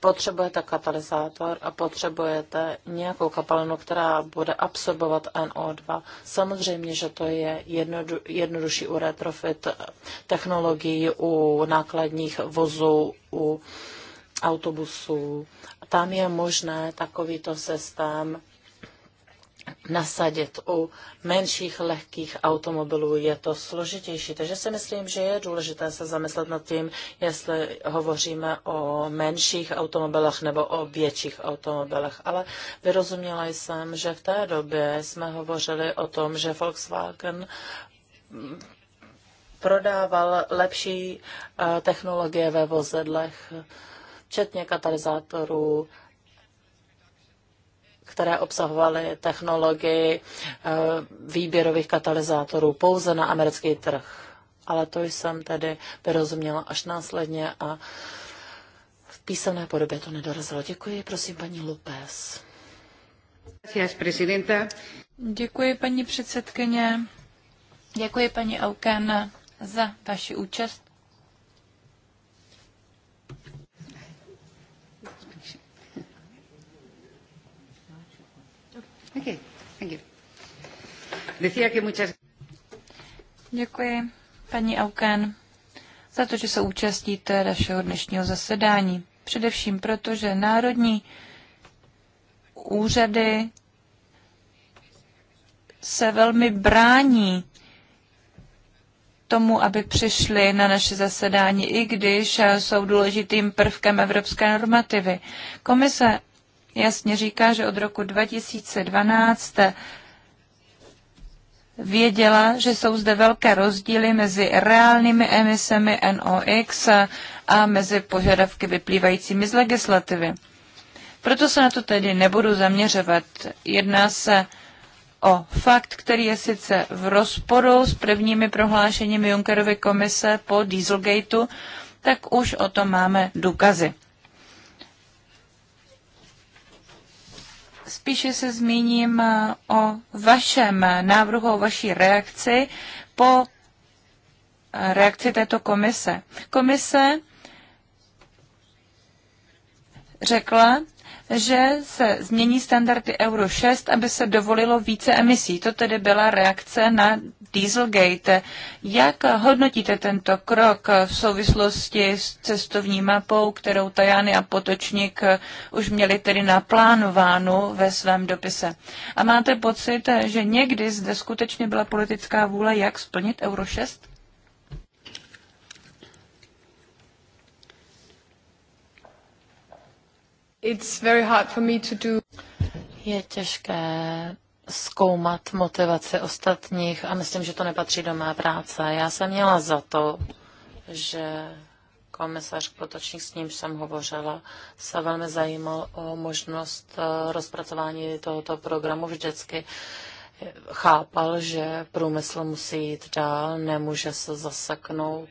Potřebujete katalyzátor a potřebujete nějakou kapalinu, která bude absorbovat NO2. Samozřejmě, že to je jednodu, jednodušší u retrofit technologií, u nákladních vozů, u autobusů. Tam je možné takovýto systém nasadit u menších lehkých automobilů je to složitější. Takže si myslím, že je důležité se zamyslet nad tím, jestli hovoříme o menších automobilech nebo o větších automobilech. Ale vyrozuměla jsem, že v té době jsme hovořili o tom, že Volkswagen prodával lepší eh, technologie ve vozidlech, včetně katalyzátorů, které obsahovaly technologii eh, výběrových katalyzátorů pouze na americký trh. Ale to jsem tedy vyrozuměla až následně a v písemné podobě to nedorazilo. Děkuji, prosím, paní Lupes. Děkuji, paní předsedkyně. Děkuji, paní Auken, za vaši účast Děkuji, paní Auken, za to, že se účastníte našeho dnešního zasedání. Především proto, že národní úřady se velmi brání tomu, aby přišli na naše zasedání, i když jsou důležitým prvkem evropské normativy. Komise jasně říká, že od roku 2012 věděla, že jsou zde velké rozdíly mezi reálnými emisemi NOx a mezi požadavky vyplývajícími z legislativy. Proto se na to tedy nebudu zaměřovat. Jedná se o fakt, který je sice v rozporu s prvními prohlášeními Junckerovy komise po Dieselgateu, tak už o tom máme důkazy. Spíše se zmíním eh, o vašem návrhu, o vaší reakci po eh, reakci této komise. Komise řekla, že se změní standardy Euro 6, aby se dovolilo více emisí. To tedy byla reakce na Dieselgate. Jak hodnotíte tento krok v souvislosti s cestovní mapou, kterou Tajany a Potočník už měli tedy naplánovánu ve svém dopise? A máte pocit, že někdy zde skutečně byla politická vůle, jak splnit Euro 6? It's very hard for me to do. Je těžké zkoumat motivace ostatních a myslím, že to nepatří do mé práce. Já jsem měla za to, že komisař Potočník, s ním jsem hovořila, se velmi zajímal o možnost eh, rozpracování tohoto programu vždycky chápal, že průmysl musí jít dál, nemůže se zaseknout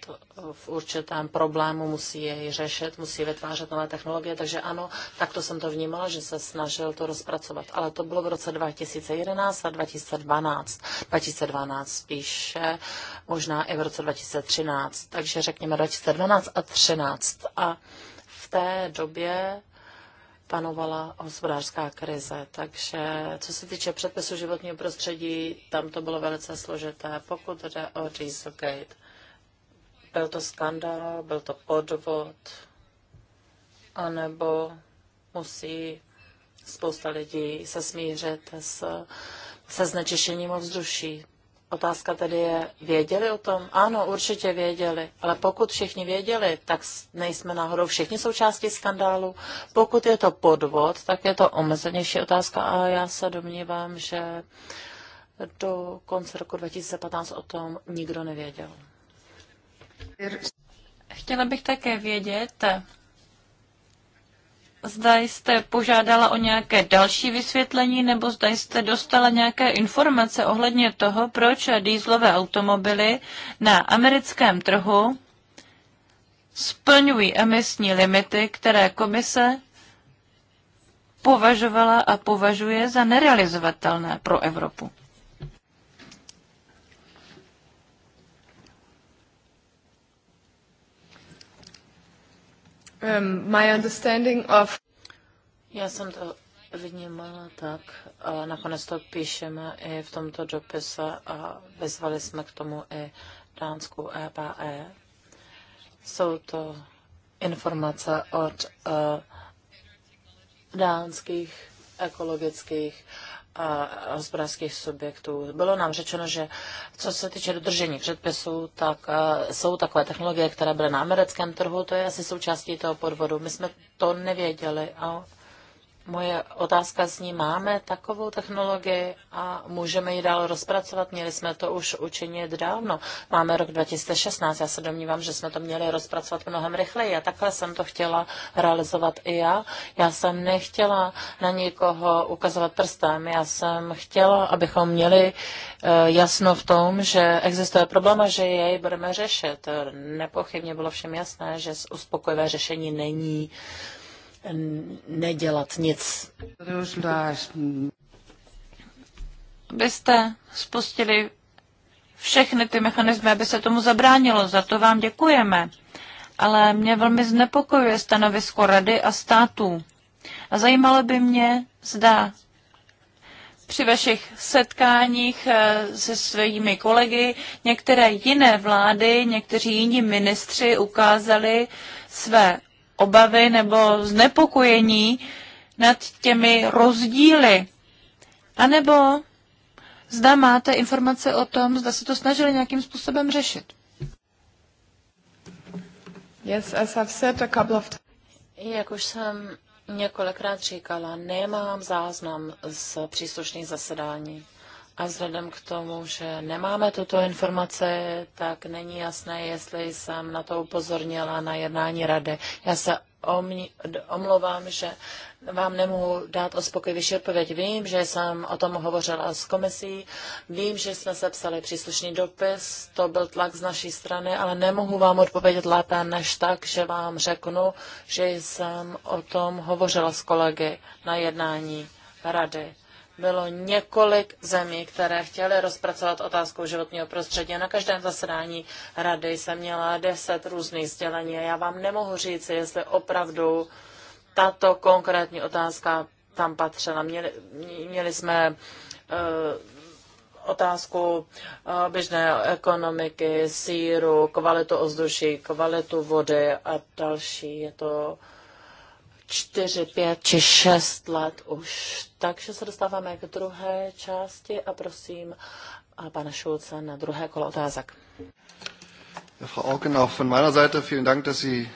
v určitém problému, musí jej řešit, musí vytvářet nové technologie, takže ano, takto jsem to vnímala, že se snažil to rozpracovat. Ale to bylo v roce 2011 a 2012, 2012 spíše, možná i v roce 2013, takže řekněme 2012 a 2013. A v té době panovala hospodářská krize. Takže co se týče předpisu životního prostředí, tam to bylo velice složité. Pokud jde o Dieselgate, byl to skandál, byl to podvod, anebo musí spousta lidí se smířit s, se znečištěním ovzduší. Otázka tedy je, věděli o tom? Ano, určitě věděli, ale pokud všichni věděli, tak nejsme náhodou všichni součástí skandálu. Pokud je to podvod, tak je to omezenější otázka a já se domnívám, že do konce roku 2015 o tom nikdo nevěděl. Chtěla bych také vědět, zda jste požádala o nějaké další vysvětlení, nebo zda jste dostala nějaké informace ohledně toho, proč dýzlové automobily na americkém trhu splňují emisní limity, které komise považovala a považuje za nerealizovatelné pro Evropu. Um, my understanding of... Já jsem to vnímala tak, a nakonec to píšeme i v tomto dopise a vyzvali jsme k tomu i dánskou EPE. Jsou to informace od uh, dánských ekologických uh, a hospodářských subjektů. Bylo nám řečeno, že co se týče dodržení předpisů, tak jsou takové technologie, které byly na americkém trhu, to je asi součástí toho podvodu. My jsme to nevěděli a Moje otázka zní, máme takovou technologii a můžeme ji dál rozpracovat? Měli jsme to už učinit dávno. Máme rok 2016, já se domnívám, že jsme to měli rozpracovat mnohem rychleji a takhle jsem to chtěla realizovat i já. Já jsem nechtěla na nikoho ukazovat prstem, já jsem chtěla, abychom měli eh, jasno v tom, že existuje problém a že jej budeme řešit. Nepochybně bylo všem jasné, že uspokojivé řešení není nedělat nic. Byste spustili všechny ty mechanismy, aby se tomu zabránilo. Za to vám děkujeme. Ale mě velmi znepokojuje stanovisko rady a států. A zajímalo by mě, zda při vašich setkáních eh, se svými kolegy některé jiné vlády, někteří jiní ministři ukázali své obavy nebo znepokojení nad těmi rozdíly. A nebo zda máte informace o tom, zda se to snažili nějakým způsobem řešit. Yes, as I've said a couple of... Jak už jsem několikrát říkala, nemám záznam z příslušných zasedání. A vzhledem k tomu, že nemáme tuto informace, tak není jasné, jestli jsem na to upozornila na jednání rady. Já se omlouvám, že vám nemohu dát ospokojivější odpověď. Vím, že jsem o tom hovořila s komisí, vím, že jsme sepsali příslušný dopis, to byl tlak z naší strany, ale nemohu vám odpovědět lépe než tak, že vám řeknu, že jsem o tom hovořila s kolegy na jednání rady bylo několik zemí, které chtěly rozpracovat otázku životního prostředí. Na každém zasedání rady jsem měla deset různých sdělení a já vám nemohu říct, jestli opravdu tato konkrétní otázka tam patřila. Měli, měli jsme uh, otázku uh, běžné ekonomiky, síru, kvalitu ozduší, kvalitu vody a další. Je to uh, čtyři, pět, či šest let už. Takže se dostáváme k druhé části a prosím a pana Šulce na druhé kolo otázek. Frau Auken, auch von meiner Seite vielen Dank, dass Sie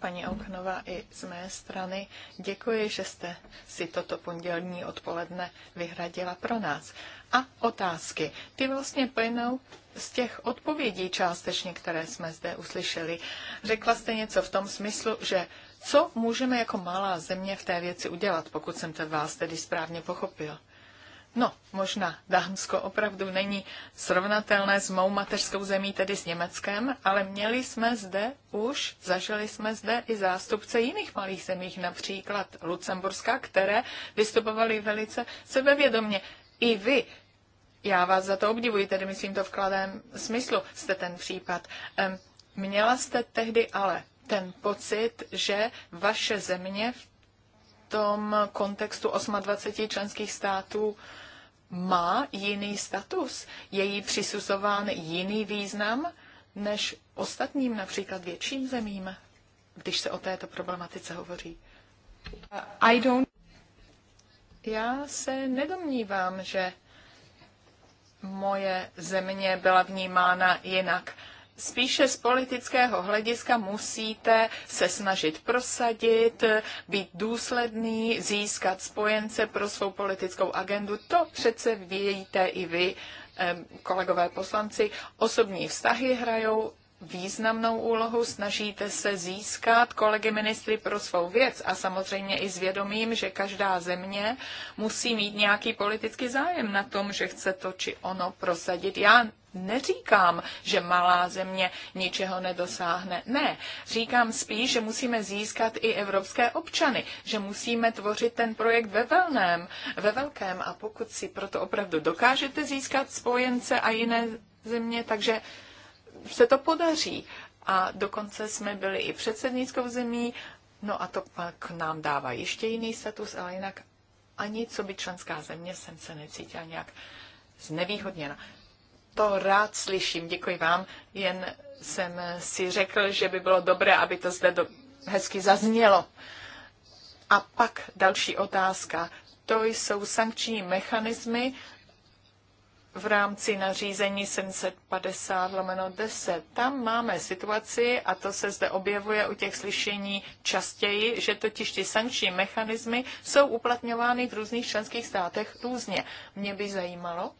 paní Auknová i z mé strany. Děkuji, že jste si toto pondělní odpoledne vyhradila pro nás. A otázky. Ty vlastně plynou z těch odpovědí částečně, které jsme zde uslyšeli. Řekla jste něco v tom smyslu, že co můžeme jako malá země v té věci udělat, pokud jsem to vás tedy správně pochopil? No, možná Dánsko opravdu není srovnatelné s mou mateřskou zemí, tedy s Německem, ale měli jsme zde už, zažili jsme zde i zástupce jiných malých zemí, například Lucemburska, které vystupovali velice sebevědomně. I vy, já vás za to obdivuji, tedy myslím to vkladem smyslu, jste ten případ. Měla jste tehdy ale ten pocit, že vaše země v tom kontextu 28 členských států má jiný status? Je jí přisuzován jiný význam než ostatním, například větším zemím, když se o této problematice hovoří? I don't... Já se nedomnívám, že moje země byla vnímána jinak spíše z politického hlediska musíte se snažit prosadit, být důsledný, získat spojence pro svou politickou agendu. To přece víte i vy, kolegové poslanci. Osobní vztahy hrajou významnou úlohu, snažíte se získat kolegy ministry pro svou věc a samozřejmě i zvědomím, že každá země musí mít nějaký politický zájem na tom, že chce to či ono prosadit. Já neříkám, že malá země ničeho nedosáhne. Ne, říkám spíš, že musíme získat i evropské občany, že musíme tvořit ten projekt ve velném, ve velkém a pokud si proto opravdu dokážete získat spojence a jiné země, takže se to podaří. A dokonce jsme byli i předsednickou zemí, no a to pak nám dává ještě jiný status, ale jinak ani co by členská země jsem se necítila nějak znevýhodněna to rád slyším, děkuji vám. Jen jsem si řekl, že by bylo dobré, aby to zde do, hezky zaznělo. A pak další otázka. To jsou sankční mechanismy v rámci nařízení 750 lomeno 10. Tam máme situaci, a to se zde objevuje u těch slyšení častěji, že totiž ty sankční mechanismy jsou uplatňovány v různých členských státech různě. Mě by zajímalo,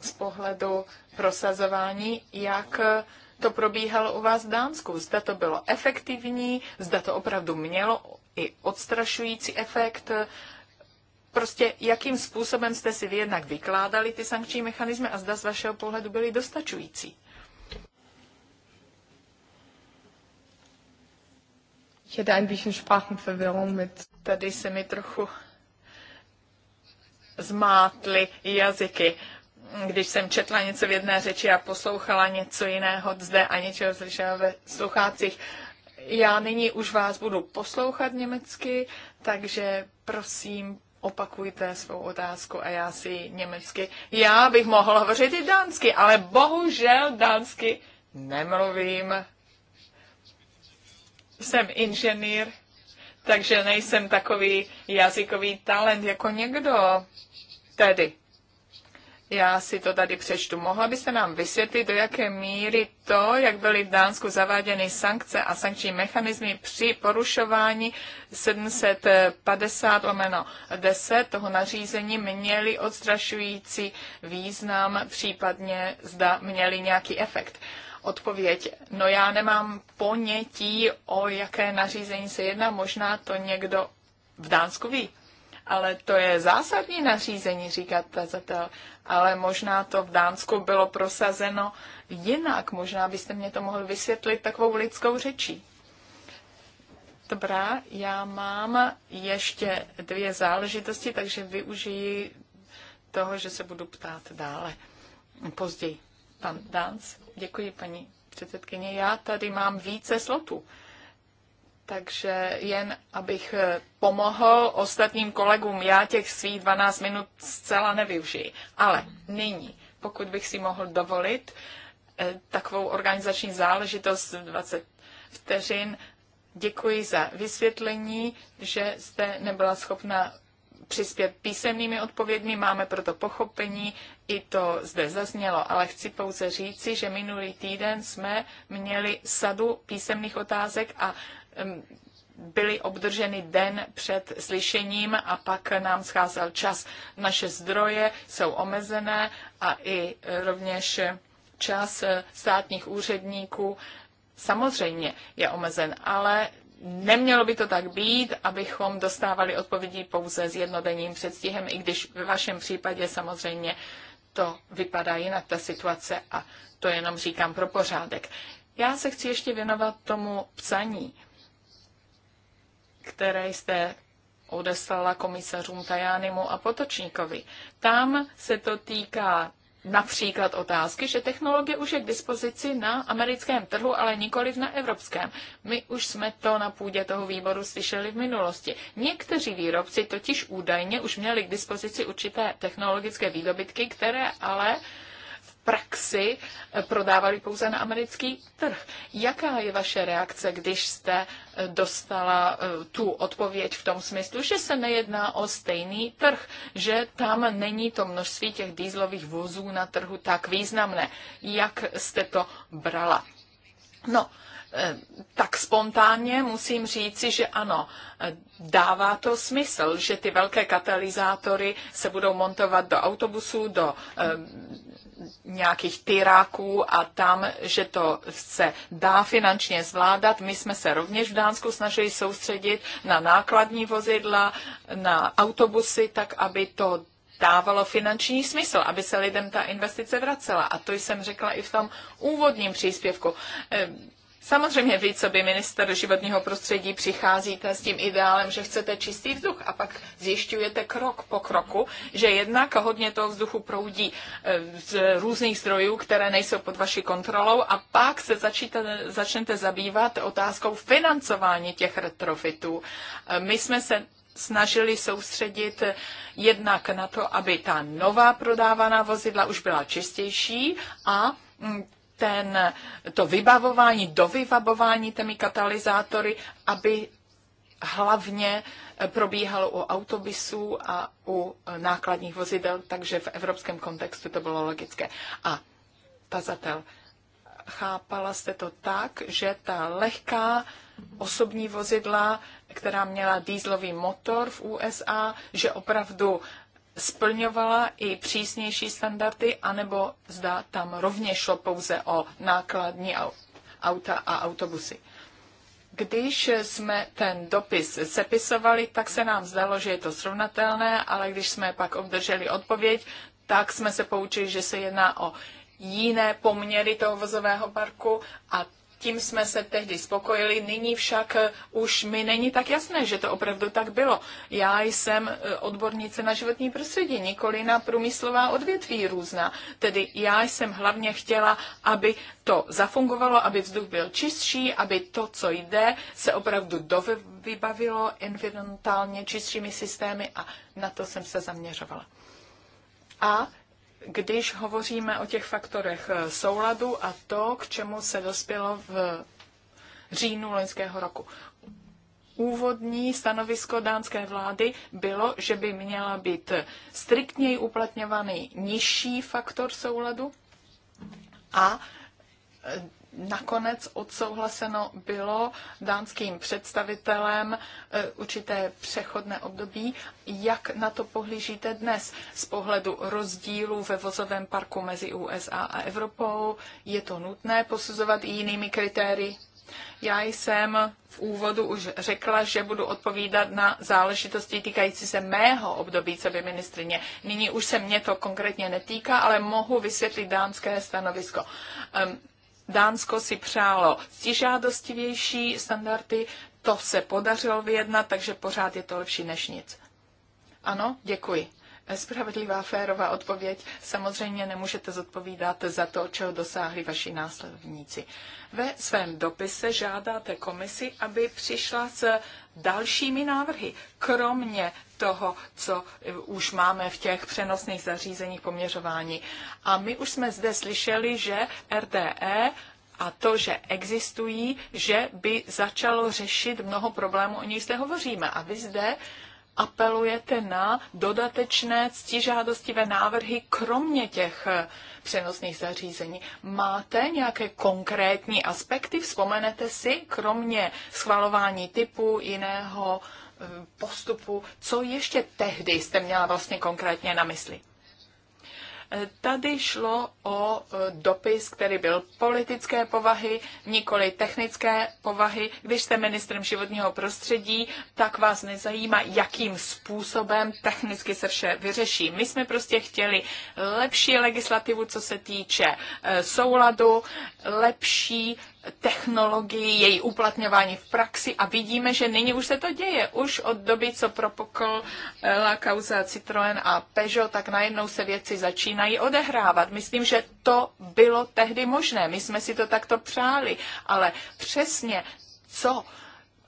z pohledu prosazování, jak to probíhalo u vás v Dánsku. Zda to bylo efektivní, zda to opravdu mělo i odstrašující efekt. Prostě jakým způsobem jste si vy jednak vykládali ty sankční mechanismy a zda z vašeho pohledu byly dostačující? Ich hätte ein bisschen Sprachenverwirrung mit. Tady se mi trochu zmátly jazyky když jsem četla něco v jedné řeči a poslouchala něco jiného zde a něčeho slyšela ve sluchácích. Já nyní už vás budu poslouchat německy, takže prosím, opakujte svou otázku a já si německy. Já bych mohl hovořit i dánsky, ale bohužel dánsky nemluvím. Jsem inženýr, takže nejsem takový jazykový talent jako někdo. Tedy já si to tady přečtu. Mohla byste nám vysvětlit, do jaké míry to, jak byly v Dánsku zaváděny sankce a sankční mechanismy při porušování 750 lomeno 10 toho nařízení měly odstrašující význam, případně zda měly nějaký efekt odpověď. No já nemám ponětí, o jaké nařízení se jedná, možná to někdo v Dánsku ví ale to je zásadní nařízení, říká tazatel. Ale možná to v Dánsku bylo prosazeno jinak. Možná byste mě to mohl vysvětlit takovou lidskou řečí. Dobrá, já mám ještě dvě záležitosti, takže využiji toho, že se budu ptát dále. Později. Pan Dánc. Děkuji, paní předsedkyně. Já tady mám více slotů takže jen abych eh, pomohl ostatním kolegům, já těch svých 12 minut zcela nevyužiji. Ale nyní, pokud bych si mohl dovolit eh, takovou organizační záležitost 20 vteřin, děkuji za vysvětlení, že jste nebyla schopna přispět písemnými odpovědmi, máme proto pochopení, i to zde zaznělo, ale chci pouze říci, že minulý týden jsme měli sadu písemných otázek a byly obdrženy den před slyšením a pak nám scházel čas. Naše zdroje jsou omezené a i e, rovněž čas e, státních úředníků samozřejmě je omezen, ale nemělo by to tak být, abychom dostávali odpovědi pouze s jednodenním předstihem, i když v vašem případě samozřejmě to vypadá jinak, ta situace, a to jenom říkám pro pořádek. Já se chci ještě věnovat tomu psaní které jste odeslala komisařům Tajánimu a Potočníkovi. Tam se to týká například otázky, že technologie už je k dispozici na americkém trhu, ale nikoli na evropském. My už jsme to na půdě toho výboru slyšeli v minulosti. Někteří výrobci totiž údajně už měli k dispozici určité technologické výdobytky, které ale uh, praxi eh, prodávali pouze na americký trh. Jaká je vaše reakce, když jste eh, dostala eh, tu odpověď v tom smyslu, že se nejedná o stejný trh, že tam není to množství těch dýzlových vozů na trhu tak významné? Jak jste to brala? No, Eh, tak spontánně musím říci, že ano, eh, dává to smysl, že ty velké katalyzátory se budou montovat do autobusů, do eh, nějakých tyráků a tam, že to se dá finančně zvládat. My jsme se rovněž v Dánsku snažili soustředit na nákladní vozidla, na autobusy, tak aby to dávalo finanční smysl, aby se lidem ta investice vracela. A to jsem řekla i v tom úvodním příspěvku. Samozřejmě vy, co by minister životního prostředí, přicházíte s tím ideálem, že chcete čistý vzduch a pak zjišťujete krok po kroku, že jednak hodně toho vzduchu proudí eh, z různých zdrojů, které nejsou pod vaší kontrolou a pak se začíte, začnete zabývat otázkou financování těch retrofitů. Eh, my jsme se snažili soustředit eh, jednak na to, aby ta nová prodávaná vozidla už byla čistější a mm, ten, to vybavování, dovybavování těmi katalyzátory, aby hlavně eh, probíhalo u autobusů a u eh, nákladních vozidel, takže v evropském kontextu to bylo logické. A tazatel, chápala jste to tak, že ta lehká osobní vozidla, která měla dýzlový motor v USA, že opravdu splňovala i přísnější standardy, anebo zda tam rovně šlo pouze o nákladní auta a autobusy. Když jsme ten dopis sepisovali, tak se nám zdalo, že je to srovnatelné, ale když jsme pak obdrželi odpověď, tak jsme se poučili, že se jedná o jiné poměry toho vozového parku a tím jsme se tehdy spokojili, nyní však eh, už mi není tak jasné, že to opravdu tak bylo. Já jsem eh, odbornice na životní prostředí, nikoli na průmyslová odvětví různá. Tedy já jsem hlavně chtěla, aby to zafungovalo, aby vzduch byl čistší, aby to, co jde, se opravdu dovybavilo environmentálně čistšími systémy a na to jsem se zaměřovala. A když hovoříme o těch faktorech eh, souladu a to, k čemu se dospělo v říjnu loňského roku. Úvodní stanovisko dánské vlády bylo, že by měla být striktněji uplatňovaný nižší faktor souladu a eh, nakonec odsouhlaseno bylo dánským představitelem e, určité přechodné období. Jak na to pohlížíte dnes z pohledu rozdílů ve vozovém parku mezi USA a Evropou? Je to nutné posuzovat i jinými kritérii? Já jsem v úvodu už řekla, že budu odpovídat na záležitosti týkající se mého období co by ministrině. Nyní už se mě to konkrétně netýká, ale mohu vysvětlit dánské stanovisko. Um, Dánsko si přálo stižádostivější standardy, to se podařilo vyjednat, takže pořád je to lepší než nic. Ano, děkuji. Spravedlivá, férová odpověď. Samozřejmě nemůžete zodpovídat za to, čeho dosáhli vaši následovníci. Ve svém dopise žádáte komisi, aby přišla s dalšími návrhy, kromě toho, co už máme v těch přenosných zařízeních poměřování. A my už jsme zde slyšeli, že RDE a to, že existují, že by začalo řešit mnoho problémů, o nich zde hovoříme. A vy zde apelujete na dodatečné ctižádostivé návrhy kromě těch eh, přenosných zařízení. Máte nějaké konkrétní aspekty? Vzpomenete si, kromě schvalování typu jiného eh, postupu, co ještě tehdy jste měla vlastně konkrétně na mysli? Tady šlo o eh, dopis, který byl politické povahy, nikoli technické povahy. Když jste ministrem životního prostředí, tak vás nezajímá, jakým způsobem technicky se vše vyřeší. My jsme prostě chtěli lepší legislativu, co se týče eh, souladu, lepší technologii, její uplatňování v praxi a vidíme, že nyní už se to děje. Už od doby, co eh, la kauza Citroen a Peugeot, tak najednou se věci začínají odehrávat. Myslím, že to bylo tehdy možné. My jsme si to takto přáli, ale přesně co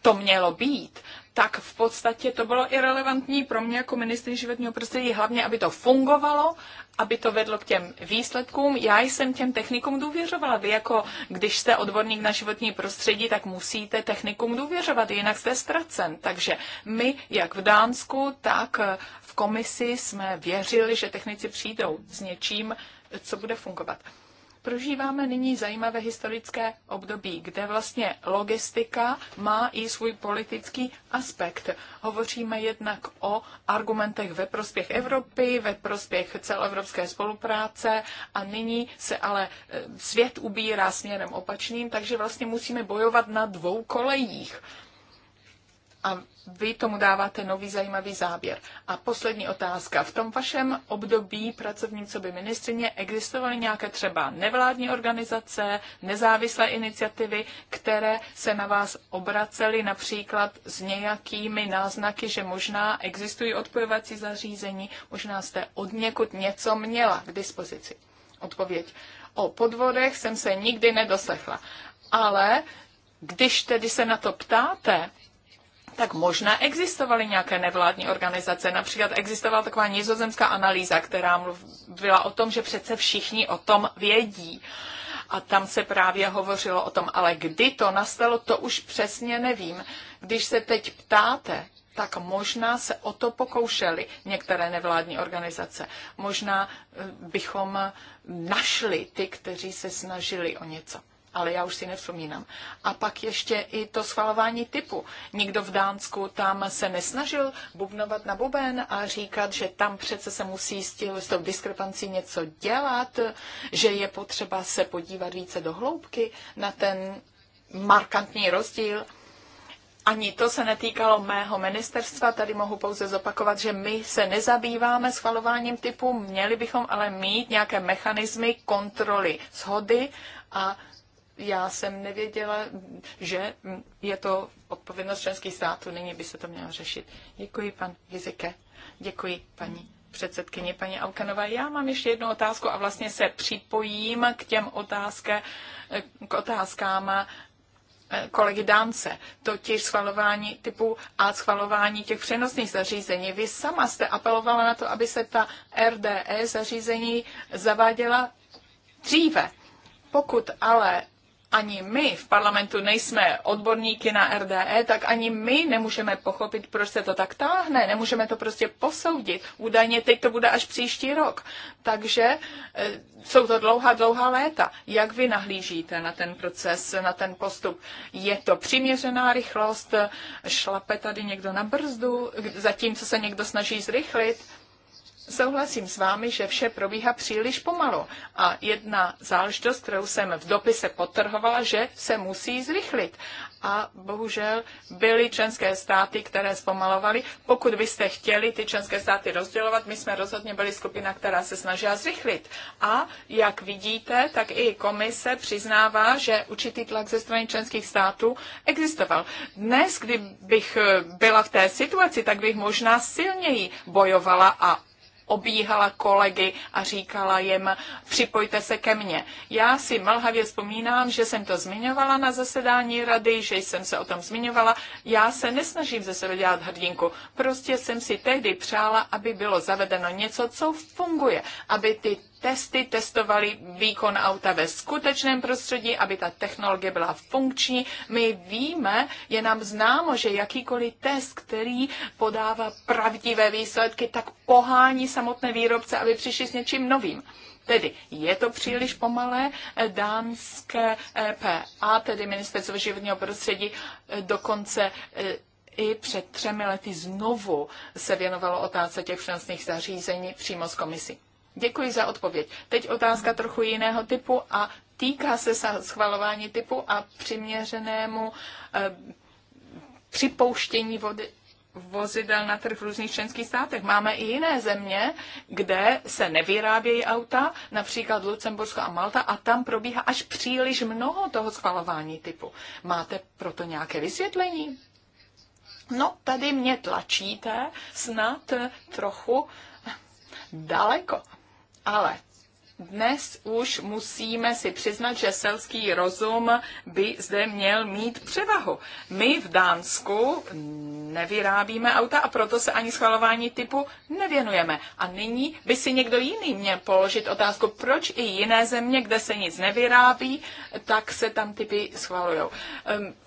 to mělo být, tak v podstatě to bylo relevantní pro mě jako ministry životního prostředí, hlavně, aby to fungovalo, aby to vedlo k těm výsledkům. Já jsem těm technikům důvěřovala. Vy jako, když jste odborník na životní prostředí, tak musíte technikům důvěřovat, jinak jste ztracen. Takže my, jak v Dánsku, tak eh, v komisi jsme věřili, že technici přijdou s něčím, co bude fungovat. Prožíváme nyní zajímavé historické období, kde vlastně logistika má i svůj politický aspekt. Hovoříme jednak o argumentech ve prospěch Evropy, ve prospěch celoevropské spolupráce a nyní se ale e, svět ubírá směrem opačným, takže vlastně musíme bojovat na dvou kolejích a vy tomu dáváte nový zajímavý záběr. A poslední otázka. V tom vašem období pracovním co by ministrině existovaly nějaké třeba nevládní organizace, nezávislé iniciativy, které se na vás obracely například s nějakými náznaky, že možná existují odpojovací zařízení, možná jste od někud něco měla k dispozici. Odpověď. O podvodech jsem se nikdy nedoslechla. Ale když tedy se na to ptáte, tak možná existovaly nějaké nevládní organizace. Například existovala taková nizozemská analýza, která mluvila o tom, že přece všichni o tom vědí. A tam se právě hovořilo o tom, ale kdy to nastalo, to už přesně nevím. Když se teď ptáte, tak možná se o to pokoušeli některé nevládní organizace. Možná eh, bychom našli ty, kteří se snažili o něco ale já už si nevzpomínám. A pak ještě i to schvalování typu. Nikdo v Dánsku tam se nesnažil bubnovat na buben a říkat, že tam přece se musí s, tím, s tou diskrepancí něco dělat, že je potřeba se podívat více do hloubky na ten markantní rozdíl. Ani to se netýkalo mého ministerstva, tady mohu pouze zopakovat, že my se nezabýváme schvalováním typu, měli bychom ale mít nějaké mechanismy kontroly shody a já jsem nevěděla, že je to odpovědnost členských států, nyní by se to mělo řešit. Děkuji, pan Vizike. Děkuji, paní předsedkyně, paní Alkanová. Já mám ještě jednu otázku a vlastně se připojím k těm otázkám k otázkám eh, kolegy Dánce, totiž schvalování typu a schvalování těch přenosných zařízení. Vy sama jste apelovala na to, aby se ta RDE zařízení zaváděla dříve. Pokud ale ani my v parlamentu nejsme odborníky na RDE, tak ani my nemůžeme pochopit, proč se to tak táhne. Nemůžeme to prostě posoudit. Údajně teď to bude až příští rok. Takže e, jsou to dlouhá, dlouhá léta. Jak vy nahlížíte na ten proces, na ten postup? Je to přiměřená rychlost? Šlape tady někdo na brzdu, zatímco se někdo snaží zrychlit? souhlasím s vámi, že vše probíhá příliš pomalu. A jedna záležitost, kterou jsem v dopise potrhovala, že se musí zrychlit. A bohužel byly členské státy, které zpomalovaly. Pokud byste chtěli ty členské státy rozdělovat, my jsme rozhodně byli skupina, která se snažila zrychlit. A jak vidíte, tak i komise přiznává, že určitý tlak ze strany členských států existoval. Dnes, kdybych byla v té situaci, tak bych možná silněji bojovala a obíhala kolegy a říkala jim, připojte se ke mně. Já si mlhavě vzpomínám, že jsem to zmiňovala na zasedání rady, že jsem se o tom zmiňovala. Já se nesnažím ze sebe dělat hrdinku. Prostě jsem si tehdy přála, aby bylo zavedeno něco, co funguje, aby ty testy testovali výkon auta ve skutečném prostředí, aby ta technologie byla funkční. My víme, je nám známo, že jakýkoliv test, který podává pravdivé výsledky, tak pohání samotné výrobce, aby přišli s něčím novým. Tedy je to příliš pomalé. Eh, dánské eh, PA, tedy Ministerstvo životního prostředí, eh, dokonce i před třemi lety znovu se věnovalo otázce těch finančních zařízení přímo z komisí. Děkuji za odpověď. Teď otázka trochu jiného typu a týká se schvalování typu a přiměřenému eh, připouštění vody, vozidel na trh v různých členských státech. Máme i jiné země, kde se nevyrábějí auta, například Lucembursko a Malta, a tam probíhá až příliš mnoho toho schvalování typu. Máte proto nějaké vysvětlení? No, tady mě tlačíte snad trochu daleko. Ale dnes už musíme si přiznat, že selský rozum by zde měl mít převahu. My v Dánsku nevyrábíme auta a proto se ani schvalování typu nevěnujeme. A nyní by si někdo jiný měl položit otázku, proč i jiné země, kde se nic nevyrábí, tak se tam typy schvalují. Um,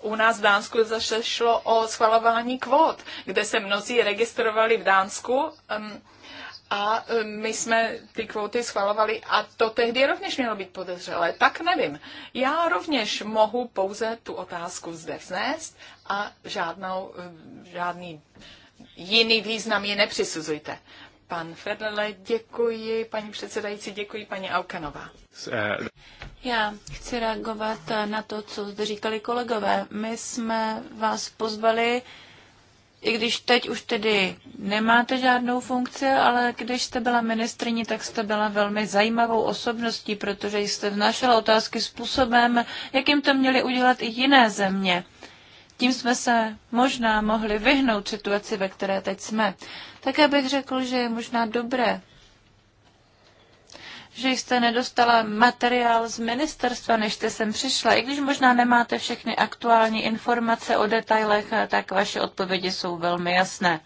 u nás v Dánsku zašlo šlo o schvalování kvót, kde se mnozí registrovali v Dánsku. Um, a e, my jsme ty kvóty schvalovali a to tehdy rovněž mělo být podezřelé. Tak nevím. Já rovněž mohu pouze tu otázku zde vznést a žádnou, e, žádný jiný význam ji nepřisuzujte. Pan Federle, děkuji, paní předsedající, děkuji, paní Aukanová. Já chci reagovat na to, co zde říkali kolegové. My jsme vás pozvali i když teď už tedy nemáte žádnou funkci, ale když jste byla ministrní, tak jste byla velmi zajímavou osobností, protože jste vnášela otázky způsobem, jakým to měly udělat i jiné země. Tím jsme se možná mohli vyhnout situaci, ve které teď jsme. Také bych řekl, že je možná dobré že jste nedostala materiál z ministerstva, než jste sem přišla. I když možná nemáte všechny aktuální informace o detailech, tak vaše odpovědi jsou velmi jasné.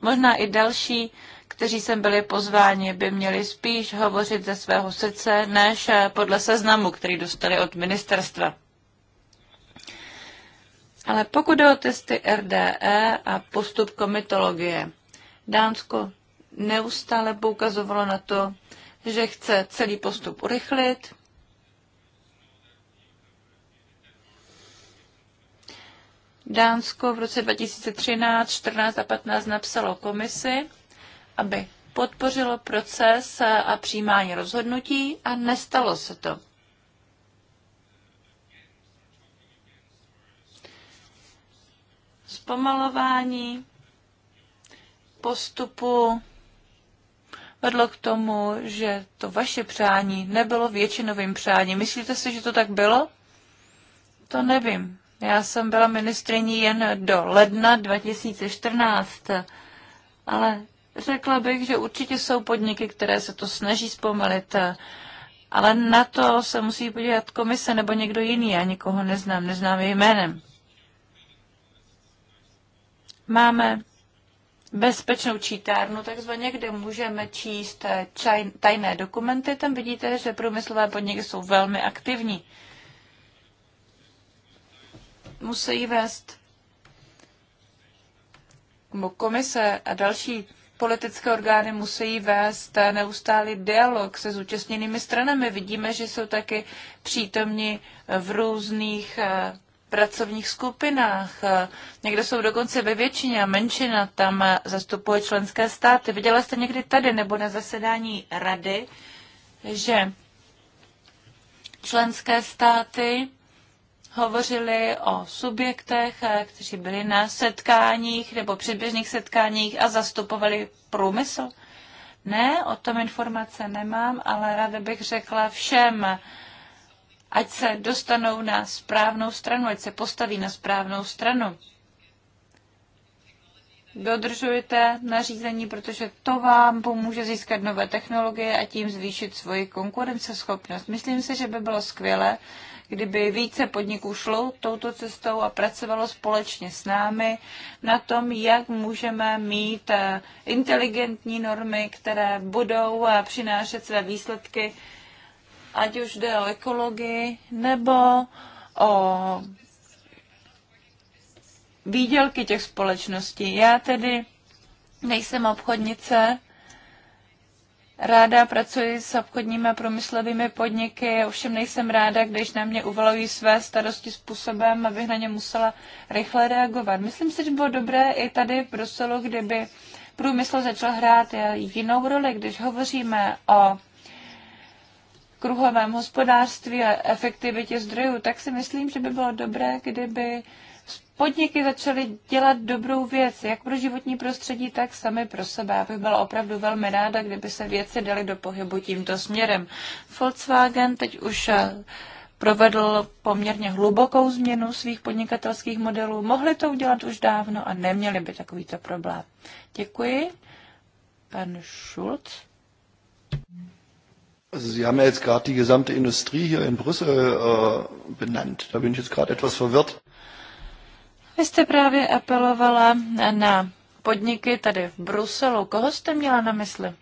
Možná i další, kteří sem byli pozváni, by měli spíš hovořit ze svého srdce, než podle seznamu, který dostali od ministerstva. Ale pokud jde o testy RDE a postup komitologie, Dánsko neustále poukazovalo na to, že chce celý postup urychlit. Dánsko v roce 2013, 14 a 15 napsalo komisi, aby podpořilo proces a přijímání rozhodnutí a nestalo se to. Zpomalování postupu vedlo k tomu, že to vaše přání nebylo většinovým přáním. Myslíte si, že to tak bylo? To nevím. Já jsem byla ministriní jen do ledna 2014, ale řekla bych, že určitě jsou podniky, které se to snaží zpomalit, ale na to se musí podívat komise nebo někdo jiný. Já nikoho neznám, neznám jej jménem. Máme bezpečnou čítárnu, takzvaně, kde můžeme číst eh, čaj, tajné dokumenty. Tam vidíte, že průmyslové podniky jsou velmi aktivní. Musí vést komise a další politické orgány musí vést eh, neustálý dialog se zúčastněnými stranami. Vidíme, že jsou taky přítomni v různých eh, pracovních skupinách. Někde jsou dokonce ve většině a menšina tam zastupuje členské státy. Viděla jste někdy tady nebo na zasedání rady, že členské státy hovořili o subjektech, kteří byli na setkáních nebo předběžných setkáních a zastupovali průmysl? Ne, o tom informace nemám, ale ráda bych řekla všem ať se dostanou na správnou stranu, ať se postaví na správnou stranu. Dodržujte nařízení, protože to vám pomůže získat nové technologie a tím zvýšit svoji konkurenceschopnost. Myslím si, že by bylo skvělé, kdyby více podniků šlo touto cestou a pracovalo společně s námi na tom, jak můžeme mít eh, inteligentní normy, které budou eh, přinášet své výsledky ať už jde o ekologii nebo o výdělky těch společností. Já tedy nejsem obchodnice, Ráda pracuji s obchodními a průmyslovými podniky, ovšem nejsem ráda, když na mě uvalují své starosti způsobem, abych na ně musela rychle reagovat. Myslím si, že bylo dobré i tady v Bruselu, kdyby průmysl začal hrát jinou roli, když hovoříme o kruhovém hospodářství a efektivitě zdrojů, tak si myslím, že by bylo dobré, kdyby podniky začaly dělat dobrou věc, jak pro životní prostředí, tak sami pro sebe. Já bych byla opravdu velmi ráda, kdyby se věci daly do pohybu tímto směrem. Volkswagen teď už eh, provedl poměrně hlubokou změnu svých podnikatelských modelů. Mohli to udělat už dávno a neměli by takovýto problém. Děkuji. Pan Schulz. Also Sie haben ja jetzt gerade die gesamte Industrie hier in Brüssel äh, benannt. Da bin ich jetzt gerade etwas verwirrt. Vy jste právě apelovala na podniky tady v Bruselu. Koho jste měla na mysli?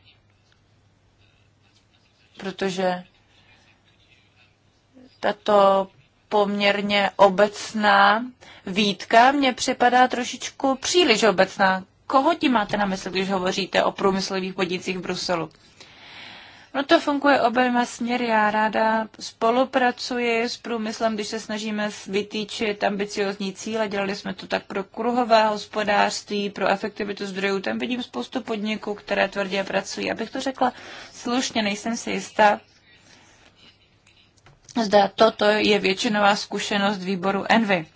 Protože tato poměrně obecná výtka mně připadá trošičku příliš obecná. Koho tím máte na mysli, když hovoříte o průmyslových podnicích v Bruselu? No to funguje oběma směry. Já ráda spolupracuji s průmyslem, když se snažíme vytýčit ambiciozní cíle. Dělali jsme to tak pro kruhové hospodářství, pro efektivitu zdrojů. Tam vidím spoustu podniků, které tvrdě pracují. Abych to řekla slušně, nejsem si jistá. Zda toto je většinová zkušenost výboru Envy.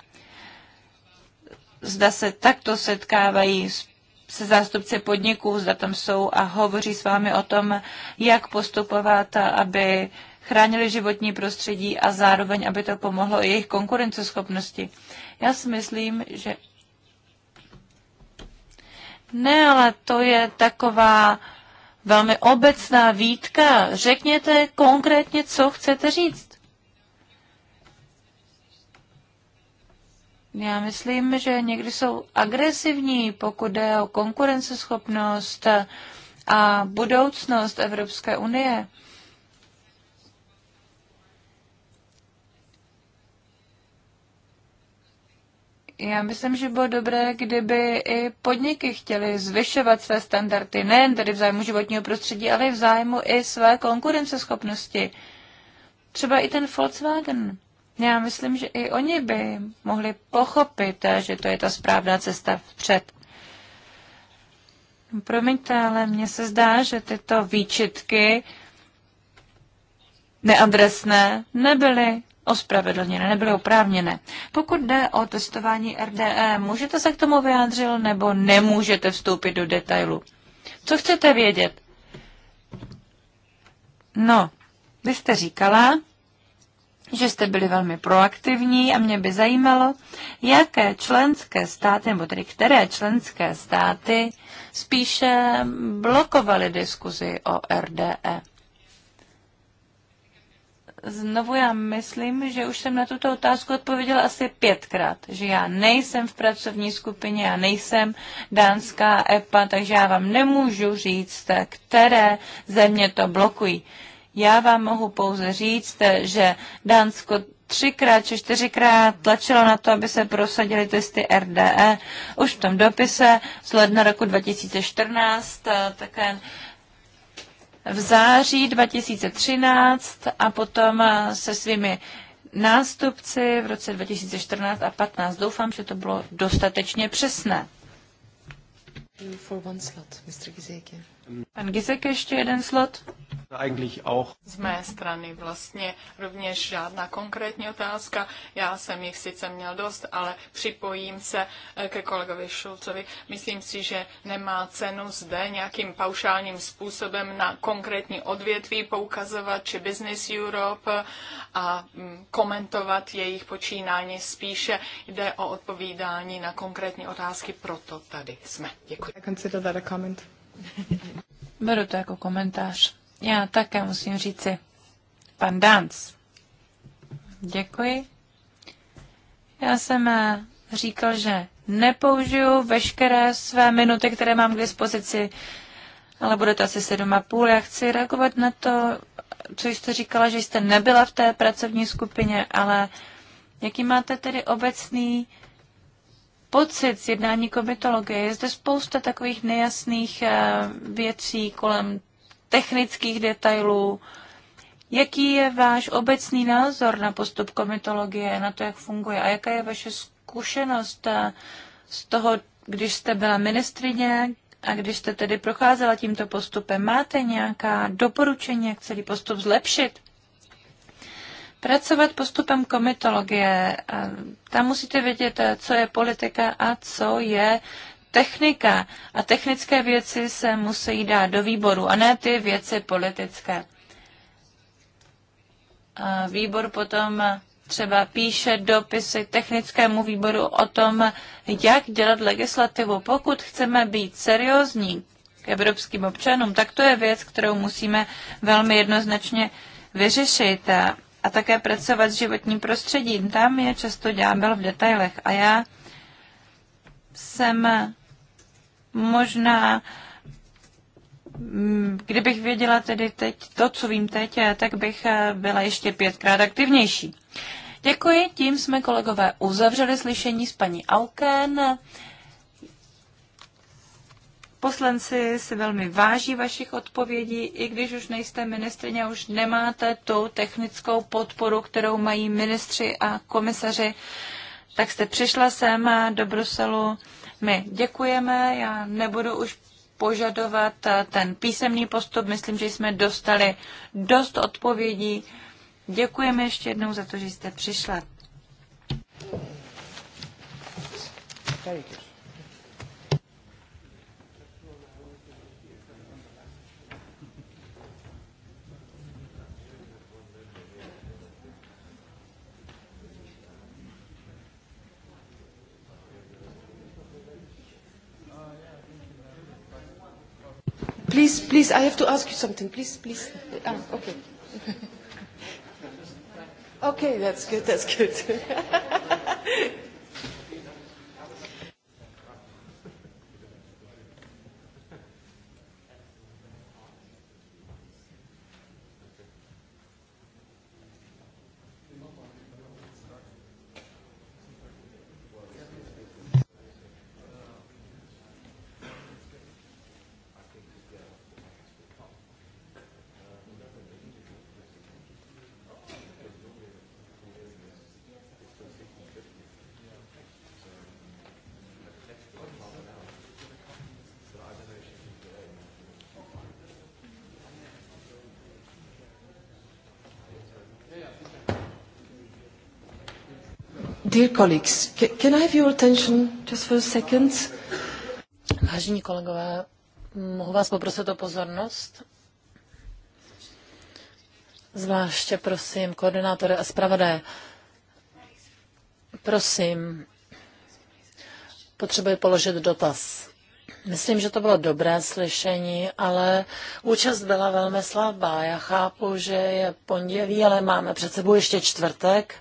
Zda se takto setkávají s se zástupci podniků, zda tam jsou a hovoří s vámi o tom, jak postupovat, aby chránili životní prostředí a zároveň, aby to pomohlo i jejich konkurenceschopnosti. Já si myslím, že ne, ale to je taková velmi obecná výtka. Řekněte konkrétně, co chcete říct. Já myslím, že někdy jsou agresivní, pokud jde o konkurenceschopnost a budoucnost Evropské unie. Já myslím, že bylo dobré, kdyby i podniky chtěly zvyšovat své standardy, nejen tedy v zájmu životního prostředí, ale i v zájmu i své konkurenceschopnosti. Třeba i ten Volkswagen. Já myslím, že i oni by mohli pochopit, že to je ta správná cesta vpřed. Promiňte, ale mně se zdá, že tyto výčitky neadresné nebyly ospravedlněné, nebyly oprávněné. Pokud jde o testování RDE, můžete se k tomu vyjádřit nebo nemůžete vstoupit do detailu? Co chcete vědět? No, vy jste říkala, že jste byli velmi proaktivní a mě by zajímalo, jaké členské státy, nebo tedy které členské státy spíše blokovaly diskuzi o RDE. Znovu já myslím, že už jsem na tuto otázku odpověděla asi pětkrát, že já nejsem v pracovní skupině, já nejsem dánská EPA, takže já vám nemůžu říct, které země to blokují. Já vám mohu pouze říct, že Dánsko třikrát či čtyřikrát tlačilo na to, aby se prosadily testy RDE. Už v tom dopise z ledna roku 2014 eh, také v září 2013 a potom eh, se svými nástupci v roce 2014 a 15. Doufám, že to bylo dostatečně přesné. For one slot, Mr. Pan Gizek ještě jeden slot. Z mé strany vlastně rovněž žádná konkrétní otázka. Já jsem jich sice měl dost, ale připojím se eh, ke kolegovi Šulcovi. Myslím si, že nemá cenu zde nějakým paušálním způsobem na konkrétní odvětví poukazovat či Business Europe a mm, komentovat jejich počínání. Spíše jde o odpovídání na konkrétní otázky, proto tady jsme. Děkuji. I consider that a comment. Beru to jako komentář. Já také musím říci. Pan Dance, Děkuji. Já jsem eh, říkal, že nepoužiju veškeré své minuty, které mám k dispozici, ale bude to asi sedm a půl. Já chci reagovat na to, co jste říkala, že jste nebyla v té pracovní skupině, ale jaký máte tedy obecný pocit z jednání komitologie. Je zde spousta takových nejasných eh, věcí kolem technických detailů. Jaký je váš obecný názor na postup komitologie, na to, jak funguje a jaká je vaše zkušenost eh, z toho, když jste byla ministrině a když jste tedy procházela tímto postupem? Máte nějaká doporučení, jak celý postup zlepšit? pracovat postupem komitologie. Tam musíte vědět, co je politika a co je technika. A technické věci se musí dát do výboru, a ne ty věci politické. A výbor potom třeba píše dopisy technickému výboru o tom, jak dělat legislativu. Pokud chceme být seriózní k evropským občanům, tak to je věc, kterou musíme velmi jednoznačně vyřešit a také pracovat s životním prostředím. Tam je často ďábel v detailech a já jsem možná, mm, kdybych věděla tedy teď to, co vím teď, tak bych eh, byla ještě pětkrát aktivnější. Děkuji, tím jsme kolegové uzavřeli slyšení s paní Auken. Poslanci si velmi váží vašich odpovědí, i když už nejste ministrině už nemáte tu technickou podporu, kterou mají ministři a komisaři, tak jste přišla sem do Bruselu. My děkujeme, já nebudu už požadovat ten písemný postup. Myslím, že jsme dostali dost odpovědí. Děkujeme ještě jednou za to, že jste přišla. Thank you. please, please, I have to ask you something. Please, please. Ah, okay. okay, that's good, that's good. Dear colleagues, can I have your attention just for a second? Vážení kolegové, mohu vás poprosit o pozornost? Zvláště prosím koordinátory a zpravodaje. Prosím, potřebuji položit dotaz. Myslím, že to bylo dobré slyšení, ale účast byla velmi slabá. Já chápu, že je pondělí, ale máme před sebou ještě čtvrtek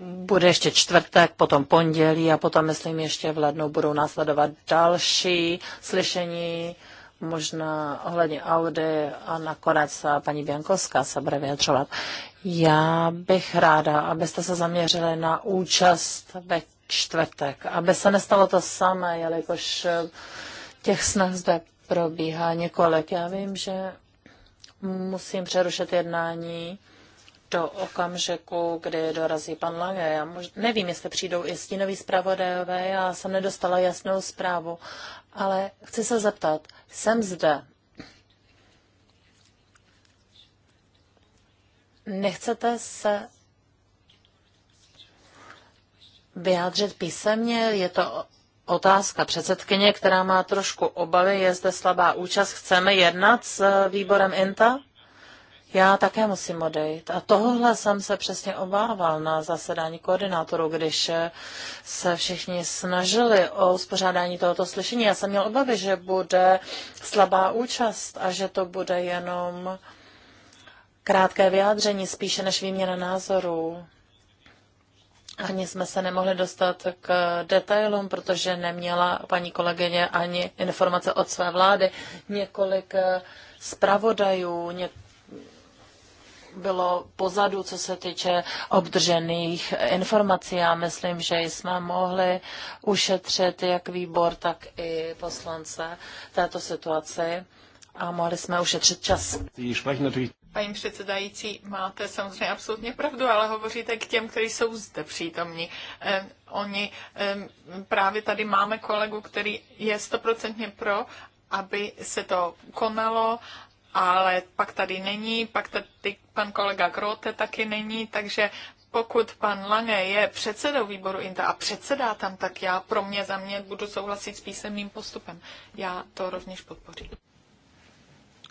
bude ještě čtvrtek, potom pondělí a potom, myslím, ještě v lednu budou následovat další slyšení, možná ohledně Audi a nakonec paní Biankovská se bude vyjadřovat. Já bych ráda, abyste se zaměřili na účast ve čtvrtek, aby se nestalo to samé, jelikož těch snah zde probíhá několik. Já vím, že musím přerušit jednání do okamžiku, kdy dorazí pan Lange. Já mož... nevím, jestli přijdou i stínoví zpravodajové, já jsem nedostala jasnou zprávu, ale chci se zeptat, jsem zde. Nechcete se vyjádřit písemně? Je to otázka předsedkyně, která má trošku obavy, je zde slabá účast. Chceme jednat s výborem INTA? Já také musím odejít. A tohle jsem se přesně obával na zasedání koordinátorů, když se všichni snažili o uspořádání tohoto slyšení. Já jsem měl obavy, že bude slabá účast a že to bude jenom krátké vyjádření spíše než výměna názorů. Ani jsme se nemohli dostat k detailům, protože neměla paní kolegyně ani informace od své vlády. Několik zpravodajů, několik bylo pozadu, co se týče obdržených informací. Já myslím, že jsme mohli ušetřit jak výbor, tak i poslance této situaci a mohli jsme ušetřit čas. Paní předsedající, máte samozřejmě absolutně pravdu, ale hovoříte k těm, kteří jsou zde přítomní. Eh, oni, eh, právě tady máme kolegu, který je stoprocentně pro, aby se to konalo, ale pak tady není, pak tady pan kolega Grote taky není, takže pokud pan Lange je předsedou výboru INTA a předsedá tam, tak já pro mě, za mě budu souhlasit s písemným postupem. Já to rovněž podpořím.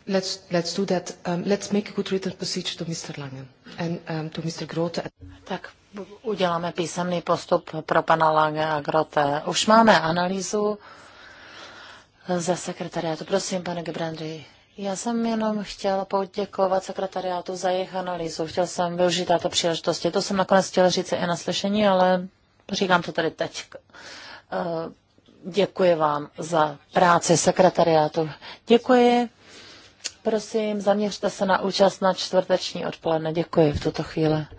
Let's, let's do that. Um, let's make a good written procedure to Mr. Lange and um, to Mr. Grote. Tak uděláme písemný postup pro pana Lange a Grote. Už máme analýzu ze sekretariátu. Prosím, pane Gebrandy. Já jsem jenom chtěla poděkovat sekretariátu za jejich analýzu. Chtěl jsem využít této příležitosti. To jsem nakonec chtěla říct i na slyšení, ale říkám to tady teď. Eh, děkuji vám za práci sekretariátu. Děkuji. Prosím, zaměřte se na účast na čtvrteční odpoledne. Děkuji v tuto chvíli.